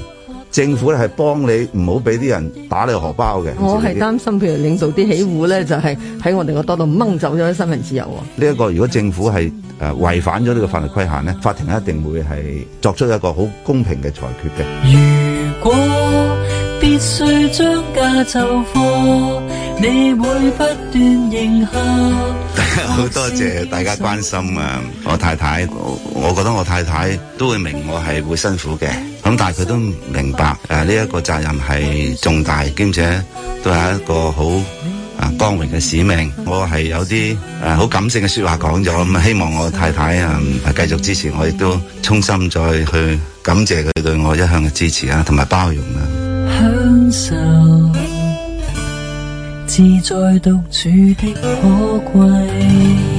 政府咧係幫你唔好俾啲人打你個荷包嘅。我係擔心，譬如領導啲起戶咧， 就係喺我哋個多度掹走咗啲新聞自由啊！呢一個如果政府係誒違反咗呢個法律規限咧，法庭一定會係作出一個好公平嘅裁決嘅。如果必須將價就貨，你會不斷迎合？好 多謝大家關心啊！我太太，我我覺得我太太都會明我係會辛苦嘅。咁但係佢都明白誒呢一個責任係重大，兼且都係一個好啊光榮嘅使命。我係有啲誒好感性嘅說話講咗，咁希望我太太啊繼續支持我，亦都衷心再去感謝佢對我一向嘅支持啊，同埋包容啊。享受自在獨處的可貴。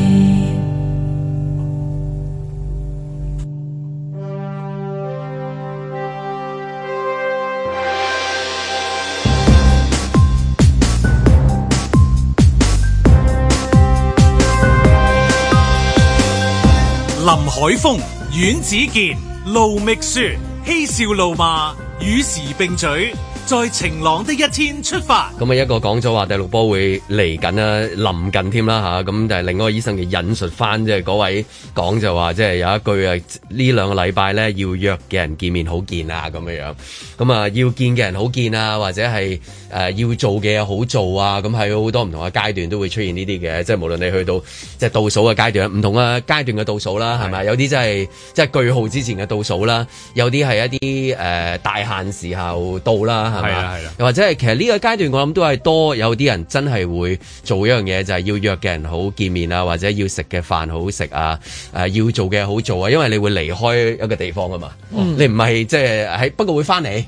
林海峰、阮子健、盧覓雪，嬉笑怒罵，與時並舉。在晴朗的一天出發，咁啊，一個講咗話第六波會嚟緊啊臨近添啦吓，咁但係另外一個醫生嘅引述翻，即係嗰位講就話即係有一句啊，呢兩個禮拜咧要約嘅人見面好見啊，咁樣樣，咁啊，要見嘅人好見啊，或者係誒要做嘅嘢好做啊。咁係好多唔同嘅階段都會出現呢啲嘅，即係無論你去到即係倒數嘅階段，唔同嘅階段嘅倒數啦，係咪是？有啲真係即係句號之前嘅倒數啦，有啲係一啲誒大限時候到啦。係啊，係啊，又或者係，其實呢個階段我諗都係多有啲人真係會做一樣嘢，就係、是、要約嘅人好見面啊，或者要食嘅飯好食啊，誒、呃、要做嘅好做啊，因為你會離開一個地方㗎嘛，嗯、你唔係即係喺，不過會翻嚟。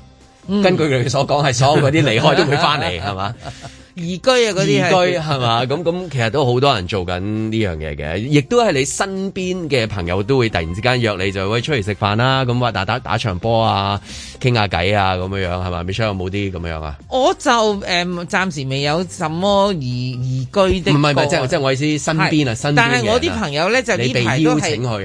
嗯、根據佢哋所講，係所有嗰啲離開都會翻嚟，係嘛？ 移居啊，嗰啲係，係嘛？咁咁， 其實都好多人做緊呢樣嘢嘅，亦都係你身邊嘅朋友都會突然之間約你就喂出嚟食飯啦，咁話打打打場波啊，傾下偈啊，咁樣 Michelle, 有有樣係咪 Besides 有冇啲咁樣啊？我就誒，暫、嗯、時未有什麼移移居的。唔係唔係，即係我，我意思身邊，是身邊啊，身邊但係我啲朋友咧就呢排都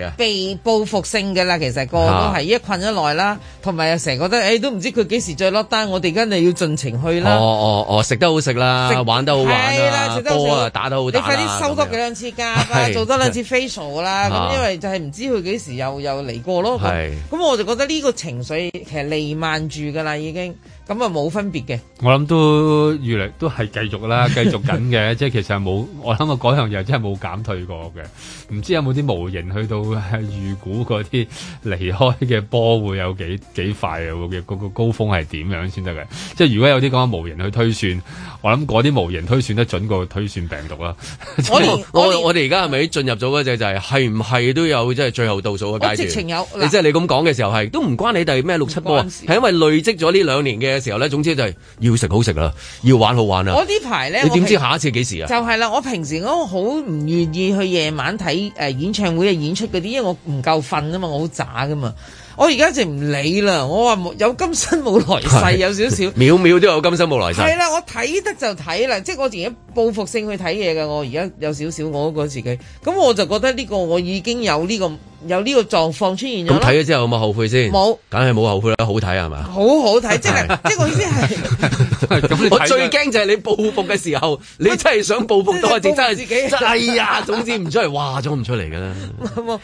啊。被報復性嘅啦，其實個個係一困咗耐啦，同埋又成日覺得誒、哎，都唔知佢幾時再落單，我哋而家就要盡情去啦。哦哦哦，食得好食啦～食吃玩得好玩，係啦，食得、啊、好食打得好，你快啲收多幾兩次夾啦、啊，是做多兩次 facial 啦、啊，咁是因為就係唔知佢幾時又又嚟過咯，咁是我就覺得呢個情緒其實彌漫住噶啦，已經。咁啊冇分別嘅，我諗都越嚟都係繼續啦，繼續緊嘅， 即係其實冇，我諗啊嗰樣嘢真係冇減退過嘅。唔知有冇啲模型去到預估嗰啲離開嘅波會有幾幾快啊？嘅嗰個高峰係點樣先得嘅？即係如果有啲咁嘅模型去推算，我諗嗰啲模型推算得準過推算病毒啦。我哋而家係咪進入咗嗰隻就係係唔係都有即係最後倒數嘅階段直情有。你即係你咁講嘅時候係都唔關你哋咩六七波啊，係因為累積咗呢兩年嘅我。嘅時候咧，總之就係要食好食啦，要玩好玩啦。我呢排咧，平你點知下一次幾時啊？就係啦，我平時我好唔願意去夜晚睇誒、呃、演唱會嘅演出嗰啲，因為我唔夠瞓啊嘛，我好渣噶嘛。我而家就唔理啦，我話有今生冇來世，的有少少。 秒秒都有今生冇來世。係啦，我睇得就睇啦，即係我而家報復性去睇嘢噶。我而家有少少，我覺自己咁，我就覺得呢、這個我已經有呢、這個。有呢個狀況出現咗，睇咗之後有冇後悔先？冇，梗係冇後悔啦，好睇係咪？好好睇，即係即係個意思係。我最驚就係你報復嘅時候，你真係想報復到，真係自己低啊！總之唔出嚟，話咗唔出嚟㗎啦。咁我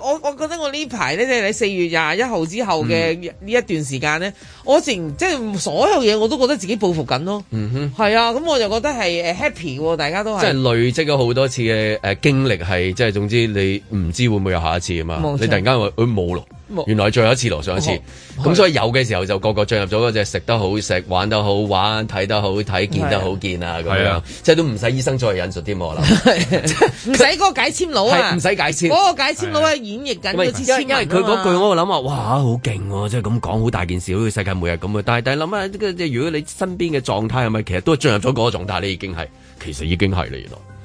我我覺得我呢排呢，即係你四月廿一號之後嘅呢一段時間呢，我成即係所有嘢我都覺得自己報復緊咯。嗯哼，係啊，咁我就覺得係 happy，大家都係。即係累積咗好多次嘅誒經歷，係即係總之你唔知會唔會有下。一次啊嘛，沒你突然間話佢冇咯，原來最後一次咯，上一次，咁、哦啊、所以有嘅時候就個個進入咗嗰隻食得好食、玩得好玩、睇得好睇、見得好見啊咁樣，即係都唔使醫生再引述添喎啦，唔使嗰個解簽佬啊，唔使解簽，嗰個解簽佬啊演繹緊個簽，因為佢嗰句我諗話，哇，好勁喎，即係咁講好大件事，世界末日咁，但係但係諗下，即如果你身邊嘅狀態係咪其實都係進入咗嗰個狀態咧，你已經係，其實已經係你。原來。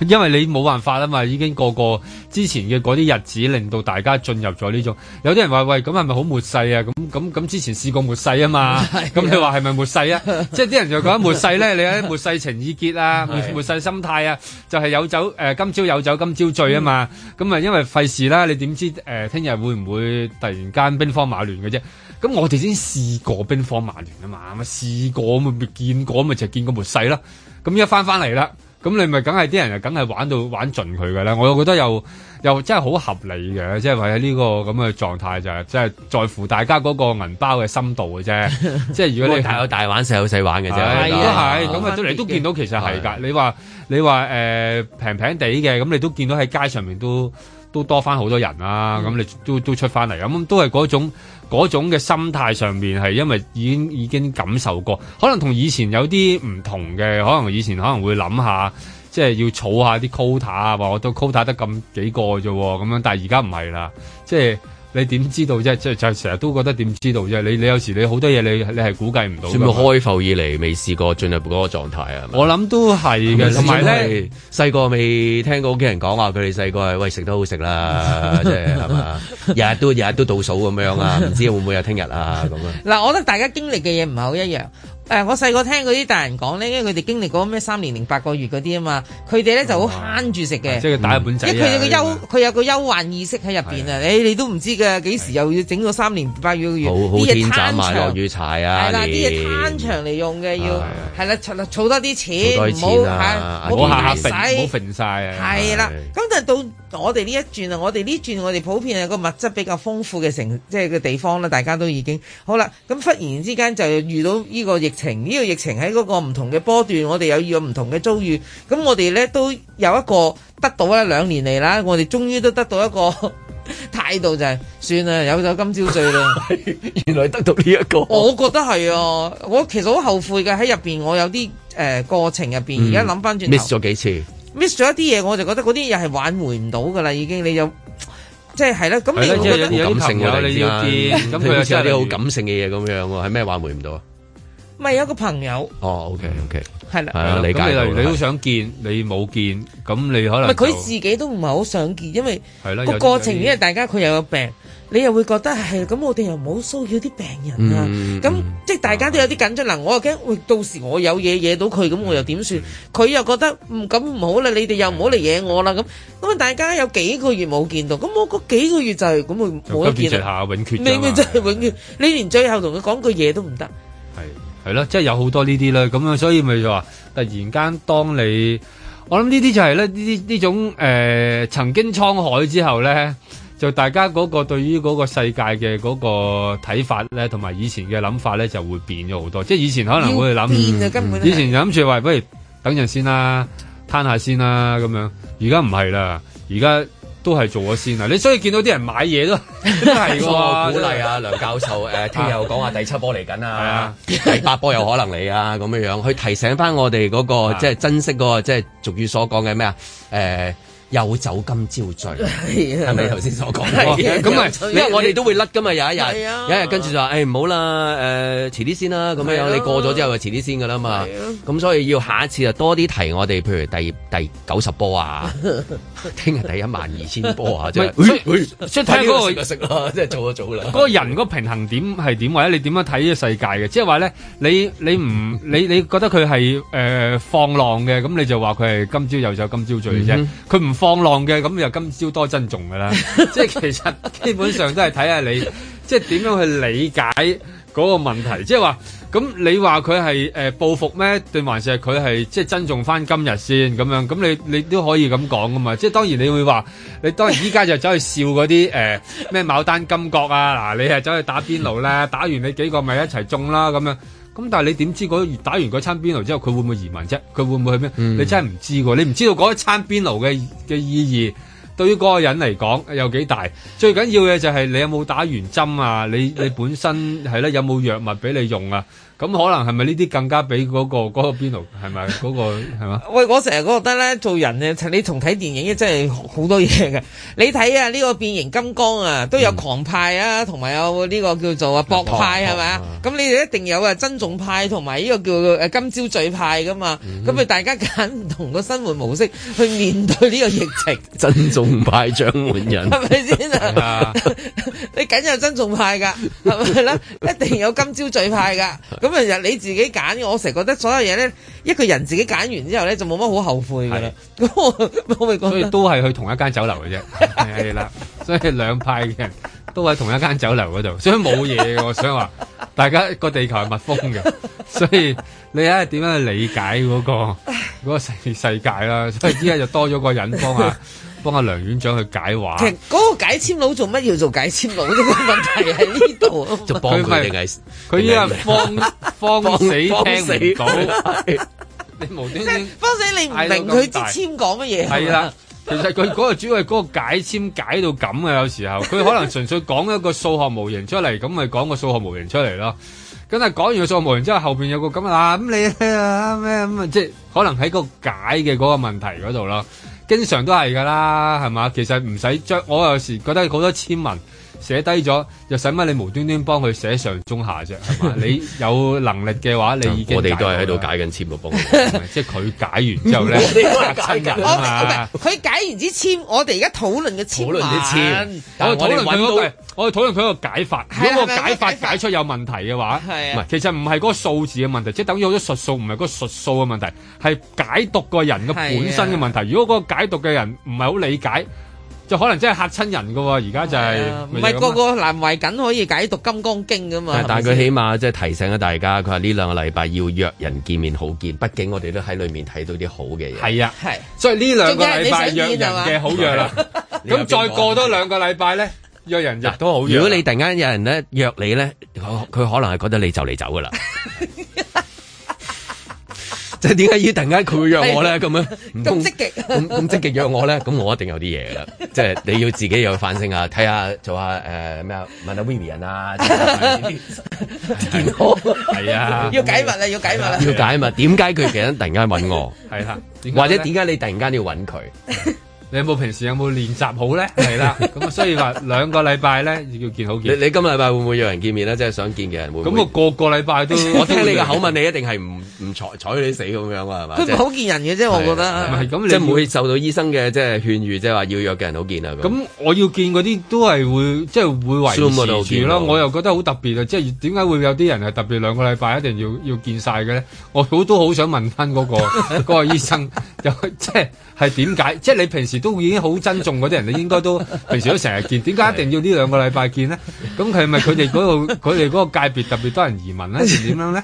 因為你冇辦法啊嘛，已經個個之前嘅嗰啲日子，令到大家進入咗呢種。有啲人話喂，咁係咪好末世啊？咁咁咁，之前試過末世啊嘛。咁是、啊、你話係咪末世啊？ 即係啲人就講末世咧，你咧末世情意結啊，末末 世心態啊，就係、是、有酒誒、呃，今朝有酒今朝醉啊嘛。咁啊、嗯，因為費事啦，你點知誒，聽、呃、日會唔會突然間兵荒馬亂嘅啫？咁我哋先試過兵荒馬亂啊嘛，咁啊試過咁咪見過，咪就係見過末世啦。咁一翻翻嚟啦。咁你咪梗係啲人梗係玩到玩盡佢嘅咧，我又覺得又又真係好合理嘅，即係為喺呢個咁嘅狀態就係即係在乎大家嗰個銀包嘅深度嘅啫， 即係如果你大有大玩，小有小玩，細有細玩嘅啫，你都係咁啊！出嚟、嗯、都見到其實係㗎的，你話你話誒平平地嘅，咁、呃、你都見到喺街上面都。都多翻好多人啦、啊，咁你都都出翻嚟咁，都係嗰種嘅心態上面係因為已經已經感受過，可能同以前有啲唔同嘅，可能以前可能會諗下即係要儲下啲 quota 啊，話我都 quota 得咁幾個啫，咁樣，但係而家唔係啦，即係。你點知道啫？即係就成日都覺得點知道啫？你你有時你好多嘢你你係估計唔到。算唔開埠以嚟未試過進入嗰個狀態啊？我諗都係嘅。同埋咧，細個未聽過屋企人講話，佢哋細個係喂食得好食啦，即係係嘛？ 日日都日日都倒數咁樣啊？唔知會唔會有聽日啊？咁樣！嗱，我覺得大家經歷嘅嘢唔係好一樣。誒，我細個聽嗰啲大人講咧，因為佢哋經歷過咩三年零八個月嗰啲啊嘛，佢哋咧就好慳住食嘅，即係打本因為佢哋個憂，佢有個憂患意識喺入邊啊！誒，你都唔知㗎幾時又要整個三年八個月，啲嘢攤長。落雨柴啊，係啦，啲嘢攤長嚟用嘅要，係啦，存儲多啲錢，唔好好下使，唔好濱曬，係啦。咁但係到我哋呢一轉啊，我哋呢轉我哋普遍係個物質比較豐富嘅城，即係個地方啦。大家都已經好啦，咁忽然之間就遇到呢個疫情呢個疫情喺嗰個唔同嘅波段，我哋有要唔同嘅遭遇，咁我哋咧都有一個得到一兩年嚟啦，我哋終於都得到一個態 度就係、是、算啦，有酒今朝醉啦。 原來得到呢、這、一個， 我覺得係啊，我其實好後悔嘅。喺入邊我有啲誒、呃、過程入邊，而家諗翻轉，miss 咗幾次，miss 咗一啲嘢，我就覺得嗰啲嘢係挽回唔到噶啦，已經你就即係係啦。咁有有有啲朋友你要見，好似啲好感性嘅嘢咁樣，係咩挽回唔到啊？咪有個朋友哦，OK OK，係啦，係啊，理解。咁你例如你都想見，你冇見，咁你可能咪佢自己都唔係好想見，因為係啦個過程，因為大家佢又有病，你又會覺得係咁，我哋又唔好騷擾啲病人啊。咁即係大家都有啲緊張啦。我又驚，會到時我有嘢惹到佢，咁我又點算？佢又覺得唔咁唔好啦，你哋又唔好嚟惹我啦。咁咁啊，大家有幾個月冇見到，咁我嗰幾個月就係咁，就冇得見啦。就勾結下永訣啫嘛，你你真係永訣，你連最後同佢講句嘢都唔得。係。係咯，即係有好多呢啲啦，咁樣所以咪就話突然間當你，我諗呢啲就係咧呢啲呢種誒、呃、曾經滄海之後咧，就大家嗰個對於嗰個世界嘅嗰個睇法咧，同埋以前嘅諗法咧就會變咗好多，即係以前可能會諗，以前諗住話不如等陣先啦，攤下先啦咁樣，而家唔係啦，而家。都係做咗先啊！你所以見到啲人買嘢都係喎，真 係啊， 啊！梁教授，誒聽日講下第七波嚟緊啊， 係啊 第八波有可能嚟啊，咁樣樣去提醒翻我哋嗰、那個即係 珍惜嗰、那個即係、就是、俗語所講嘅咩啊誒。呃又走今朝醉，係咪頭先所講？咁啊，因為我哋都會甩噶嘛，有一日，有一日跟住就話，誒唔好啦，誒遲啲先啦，咁樣你過咗之後就遲啲先噶啦嘛。咁所以要下一次就多啲提我哋，譬如第第九十波啊，聽日第一萬二千波啊，即係。睇嗰個識即係早咗早嗰個人嗰平衡點係點，或者你點樣睇呢個世界嘅？即係話咧，你你唔你你覺得佢係誒放浪嘅，咁你就話佢係今朝有酒今朝醉嘅啫，佢唔。放浪嘅咁又今朝多珍重嘅啦， 即係其實基本上都係睇下你， 即係點樣去理解嗰個問題，即係話咁你話佢係誒報復咩？定還是係佢係即係珍重翻今日先咁樣？咁你你都可以咁講噶嘛？即係當然你會話，你當然依家就走去笑嗰啲誒咩牡丹金閣啊！嗱，你係走去打邊爐啦， 打完你幾個咪一齊種啦咁樣。咁但係你點知嗰打完嗰餐邊爐之後佢會唔會移民啫？佢會唔會去咩、嗯？你真係唔知喎，你唔知道嗰一餐邊爐嘅嘅意義對於嗰個人嚟講有幾大？最緊要嘅就係你有冇打完針啊？你你本身係咧有冇藥物俾你用啊？咁可能係咪呢啲更加俾嗰個嗰個邊度係咪嗰個係嘛？喂，我成日覺得咧，做人咧，你同睇電影真係好多嘢嘅。你睇啊，呢、呢個變形金剛啊，都有狂派啊，同埋有呢個叫做啊博派係咪啊？咁、啊、你哋一定有啊珍重派同埋呢個叫誒今朝聚派㗎嘛？咁咪大家揀唔同個生活模式去面對呢個疫情。真 是是珍重派掌門人係咪先啊？你緊有珍重派㗎，係咪啦？一定有今朝聚派㗎。咁日日你自己揀，我成日覺得所有嘢咧，一個人自己揀完之後咧，就冇乜好後悔噶啦。咁我咪講，所以都係去同一間酒樓嘅啫。係啦，所以兩派嘅人都喺同一間酒樓嗰度，所以冇嘢。我想話，大家個地球係密封嘅，所以你喺點樣去理解嗰、嗰個、嗰個世世界啦？所以依家就多咗個引方啊！ 幫阿梁院長去解話，其實嗰個解籤佬做乜要做解籤佬咧？問題係呢度，就幫佢哋解。佢依家放放死聽你講，你無端端放死你唔明佢支籤講乜嘢？係啦，其實佢嗰個主要係嗰個解籤解到咁嘅，有時候佢可能純粹講一個數學模型出嚟，咁咪講個數學模型出嚟咯。咁啊，講完個數學模型之後，後邊有個咁啊，咁你咩咁啊？即係可能喺個解嘅嗰個問題嗰度咯。經常都係㗎啦，係嘛？其實唔使將，我有時覺得好多簽文。寫低咗又使乜？你無端端幫佢寫上中下啫，係嘛？ 你有能力嘅話，你已經我哋都係喺度解緊簽嘅部分， 即係佢解完之後咧。佢、 okay, okay，解完支簽，我哋而家討論嘅簽。討論啲簽，我討論佢一個，我討論佢一個解法。如果個解法解出有問題嘅話，係、啊、其實唔係嗰個數字嘅問題，即、就、係、是、等於好多術數，唔係個術數嘅問題，係解讀個人嘅本身嘅問題。啊、如果個解讀嘅人唔係好理解。就可能真係嚇親人㗎喎，而家就係唔係個個難為緊可以解讀《金剛經》㗎嘛？是是但係佢起碼即係提醒咗大家，佢話呢兩個禮拜要約人見面好見，畢竟我哋都喺裏面睇到啲好嘅嘢。係啊，係、啊，所以呢兩個禮拜約人嘅好約啦。咁 再過多兩個禮拜咧，約人就都好 如果你突然間有人咧約你咧，佢可能係覺得你就嚟走㗎啦。 即係點解要突然間佢會約我咧？咁樣咁積極，咁咁積極約我咧？咁我一定有啲嘢啦。 即係你要自己有反省下，睇下做下誒咩？問下 Vivian 啊，健康係啊 要，要解密啦，要解密啦，要解密。點解佢突然間揾我？係啦，或者點解你突然間要揾佢？ 你有冇平時有冇練習好咧？係啦，咁啊，所以話，兩個禮拜咧要見好見。你你今個禮拜會唔會有人見面咧？即係想見嘅人會唔會？咁我個個禮拜都，我聽你嘅口問你，一定係唔唔睬，睬你死咁樣啊？係嘛？都唔好見人嘅啫，我覺得。唔係咁，即係唔會受到醫生嘅即係勸喻，即係話要約嘅人好見啊。咁我要見嗰啲都係會，即係會維持住咯。我又覺得好特別啊！即係點解會有啲人係特別兩個禮拜一定要要見晒嘅咧？我好都好想問翻嗰個嗰個醫生，即係。係點解？即係、就是、你平時都已經好珍重嗰啲人，你應該都平時都成日見，點解一定要呢兩個禮拜見呢？咁係咪佢哋嗰度佢哋嗰個界別特別多人移民咧，定點樣咧？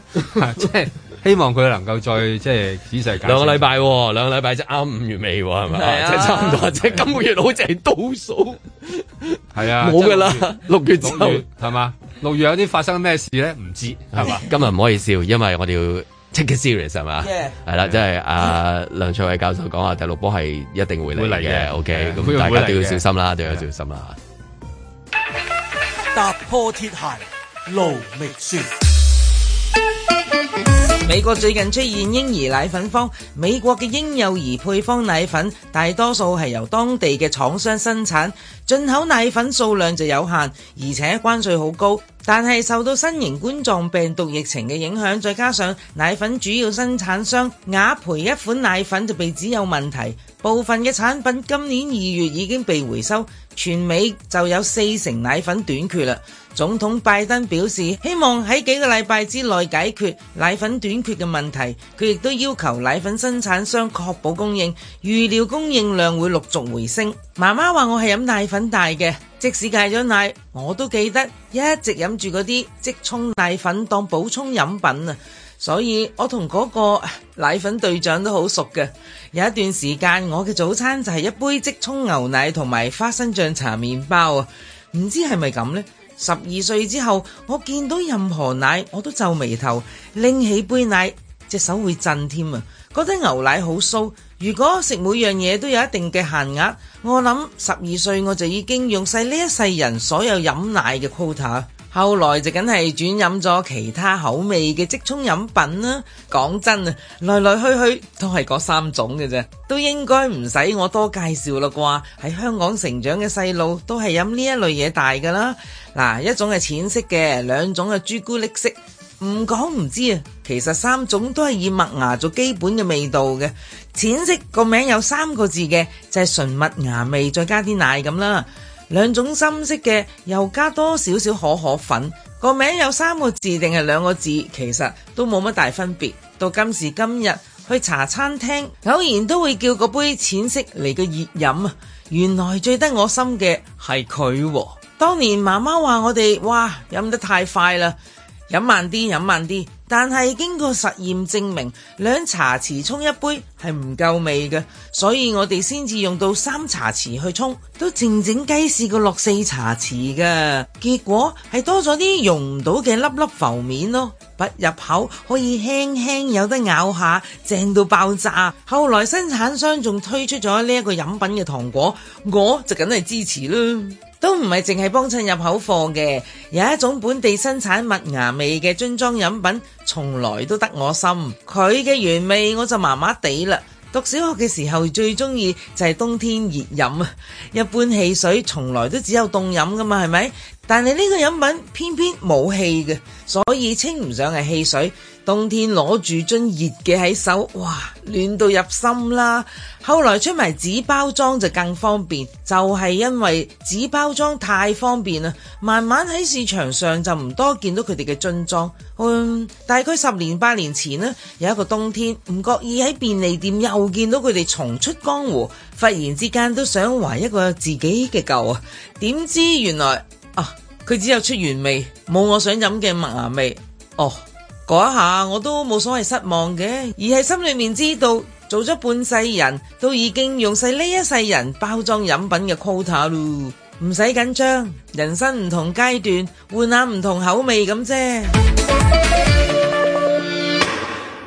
即 係希望佢能夠再即係仔細解兩個、哦。兩個禮拜，兩個禮拜即啱五月尾係嘛？即係今個月好似係倒數。係啊，冇㗎啦，六月之後係嘛？六月，月，月，月有啲發生咩事咧？唔知係嘛？今日唔可以笑，因為我哋。take serious 係嘛？係 啦，即係阿梁卓偉教授講話第六波係一定會嚟嘅。OK，咁的大家都要小心啦，都的要小心啦。踏破鐵鞋無覓處。美國最近出現嬰兒奶粉荒。美國嘅嬰幼兒配方奶粉大多數係由當地嘅廠商生產，進口奶粉數量就有限，而且關稅好高。但係受到新型冠狀病毒疫情嘅影響，再加上奶粉主要生產商雅培一款奶粉就被指有問題，部分嘅產品今年二月已經被回收，全美就有四成奶粉短缺啦。總統拜登表示，希望喺幾個禮拜之內解決奶粉短缺嘅問題。佢亦都要求奶粉生產商確保供應，預料供應量會陸續回升。媽媽話：我係飲奶粉大嘅，即使戒咗奶，我都記得一直飲住嗰啲即沖奶粉當補充飲品啊。所以我同嗰個奶粉隊長都好熟嘅。有一段時間，我嘅早餐就係一杯即沖牛奶同埋花生醬茶麵包啊。唔知係咪咁呢？十二歲之後，我見到任何奶我都皺眉頭，拎起杯奶隻手會震添啊！覺得牛奶好騷。如果食每樣嘢都有一定嘅限額，我諗十二歲我就已經用晒呢一世人所有飲奶嘅 quota。後來就梗係轉飲咗其他口味嘅即沖飲品啦。講真啊，來來去去都係嗰三種嘅啫，都應該唔使我多介紹啦啩。喺香港成長嘅細路都係飲呢一類嘢大噶啦。嗱，一種係淺色嘅，兩種係朱古力色。唔講唔知啊，其實三種都係以麥芽做基本嘅味道嘅。淺色個名有三個字嘅，就係純麥芽味，再加啲奶咁啦。兩種深色嘅，又加多少少可可粉，個名有三個字定係兩個字，其實都冇乜大分別。到今時今日去茶餐廳，偶然都會叫嗰杯淺色嚟個熱飲啊！原來最得我心嘅係佢。當年媽媽話我哋：哇，飲得太快啦，飲慢啲，飲慢啲。但係經過實驗證明，兩茶匙沖一杯係唔夠味嘅，所以我哋先至用到三茶匙去沖，都靜靜雞試過落四茶匙嘅，結果係多咗啲溶唔到嘅粒粒浮面咯，不入口可以輕輕有得咬下，正到爆炸。後來生產商仲推出咗呢一個飲品嘅糖果，我就梗係支持啦。都唔係淨係幫襯入口貨嘅，有一種本地生產麥芽味嘅樽裝飲品，從來都得我心。佢嘅原味我就麻麻地啦。讀小學嘅時候最中意就係冬天熱飲啊， 一般汽水從來都只有凍飲噶嘛，係咪？但係呢個飲品偏偏冇氣嘅，所以稱唔上係汽水。冬天攞住樽熱嘅喺手，哇，暖到入心啦。後來出埋紙包裝就更方便，就係因為紙包裝太方便啦。慢慢喺市場上就唔多見到佢哋嘅樽裝。嗯，大概十年八年前呢有一個冬天，唔覺意喺便利店又見到佢哋重出江湖，忽然之間都想懷一個自己嘅舊啊。點知原來啊，佢只有出原味，冇我想飲嘅麥芽味哦。嗰一下我都冇所謂失望嘅，而係心裏面知道做咗半世人都已經用晒呢一世人包裝飲品嘅 quota 咯，唔使緊張，人生唔同階段換下唔同口味咁啫。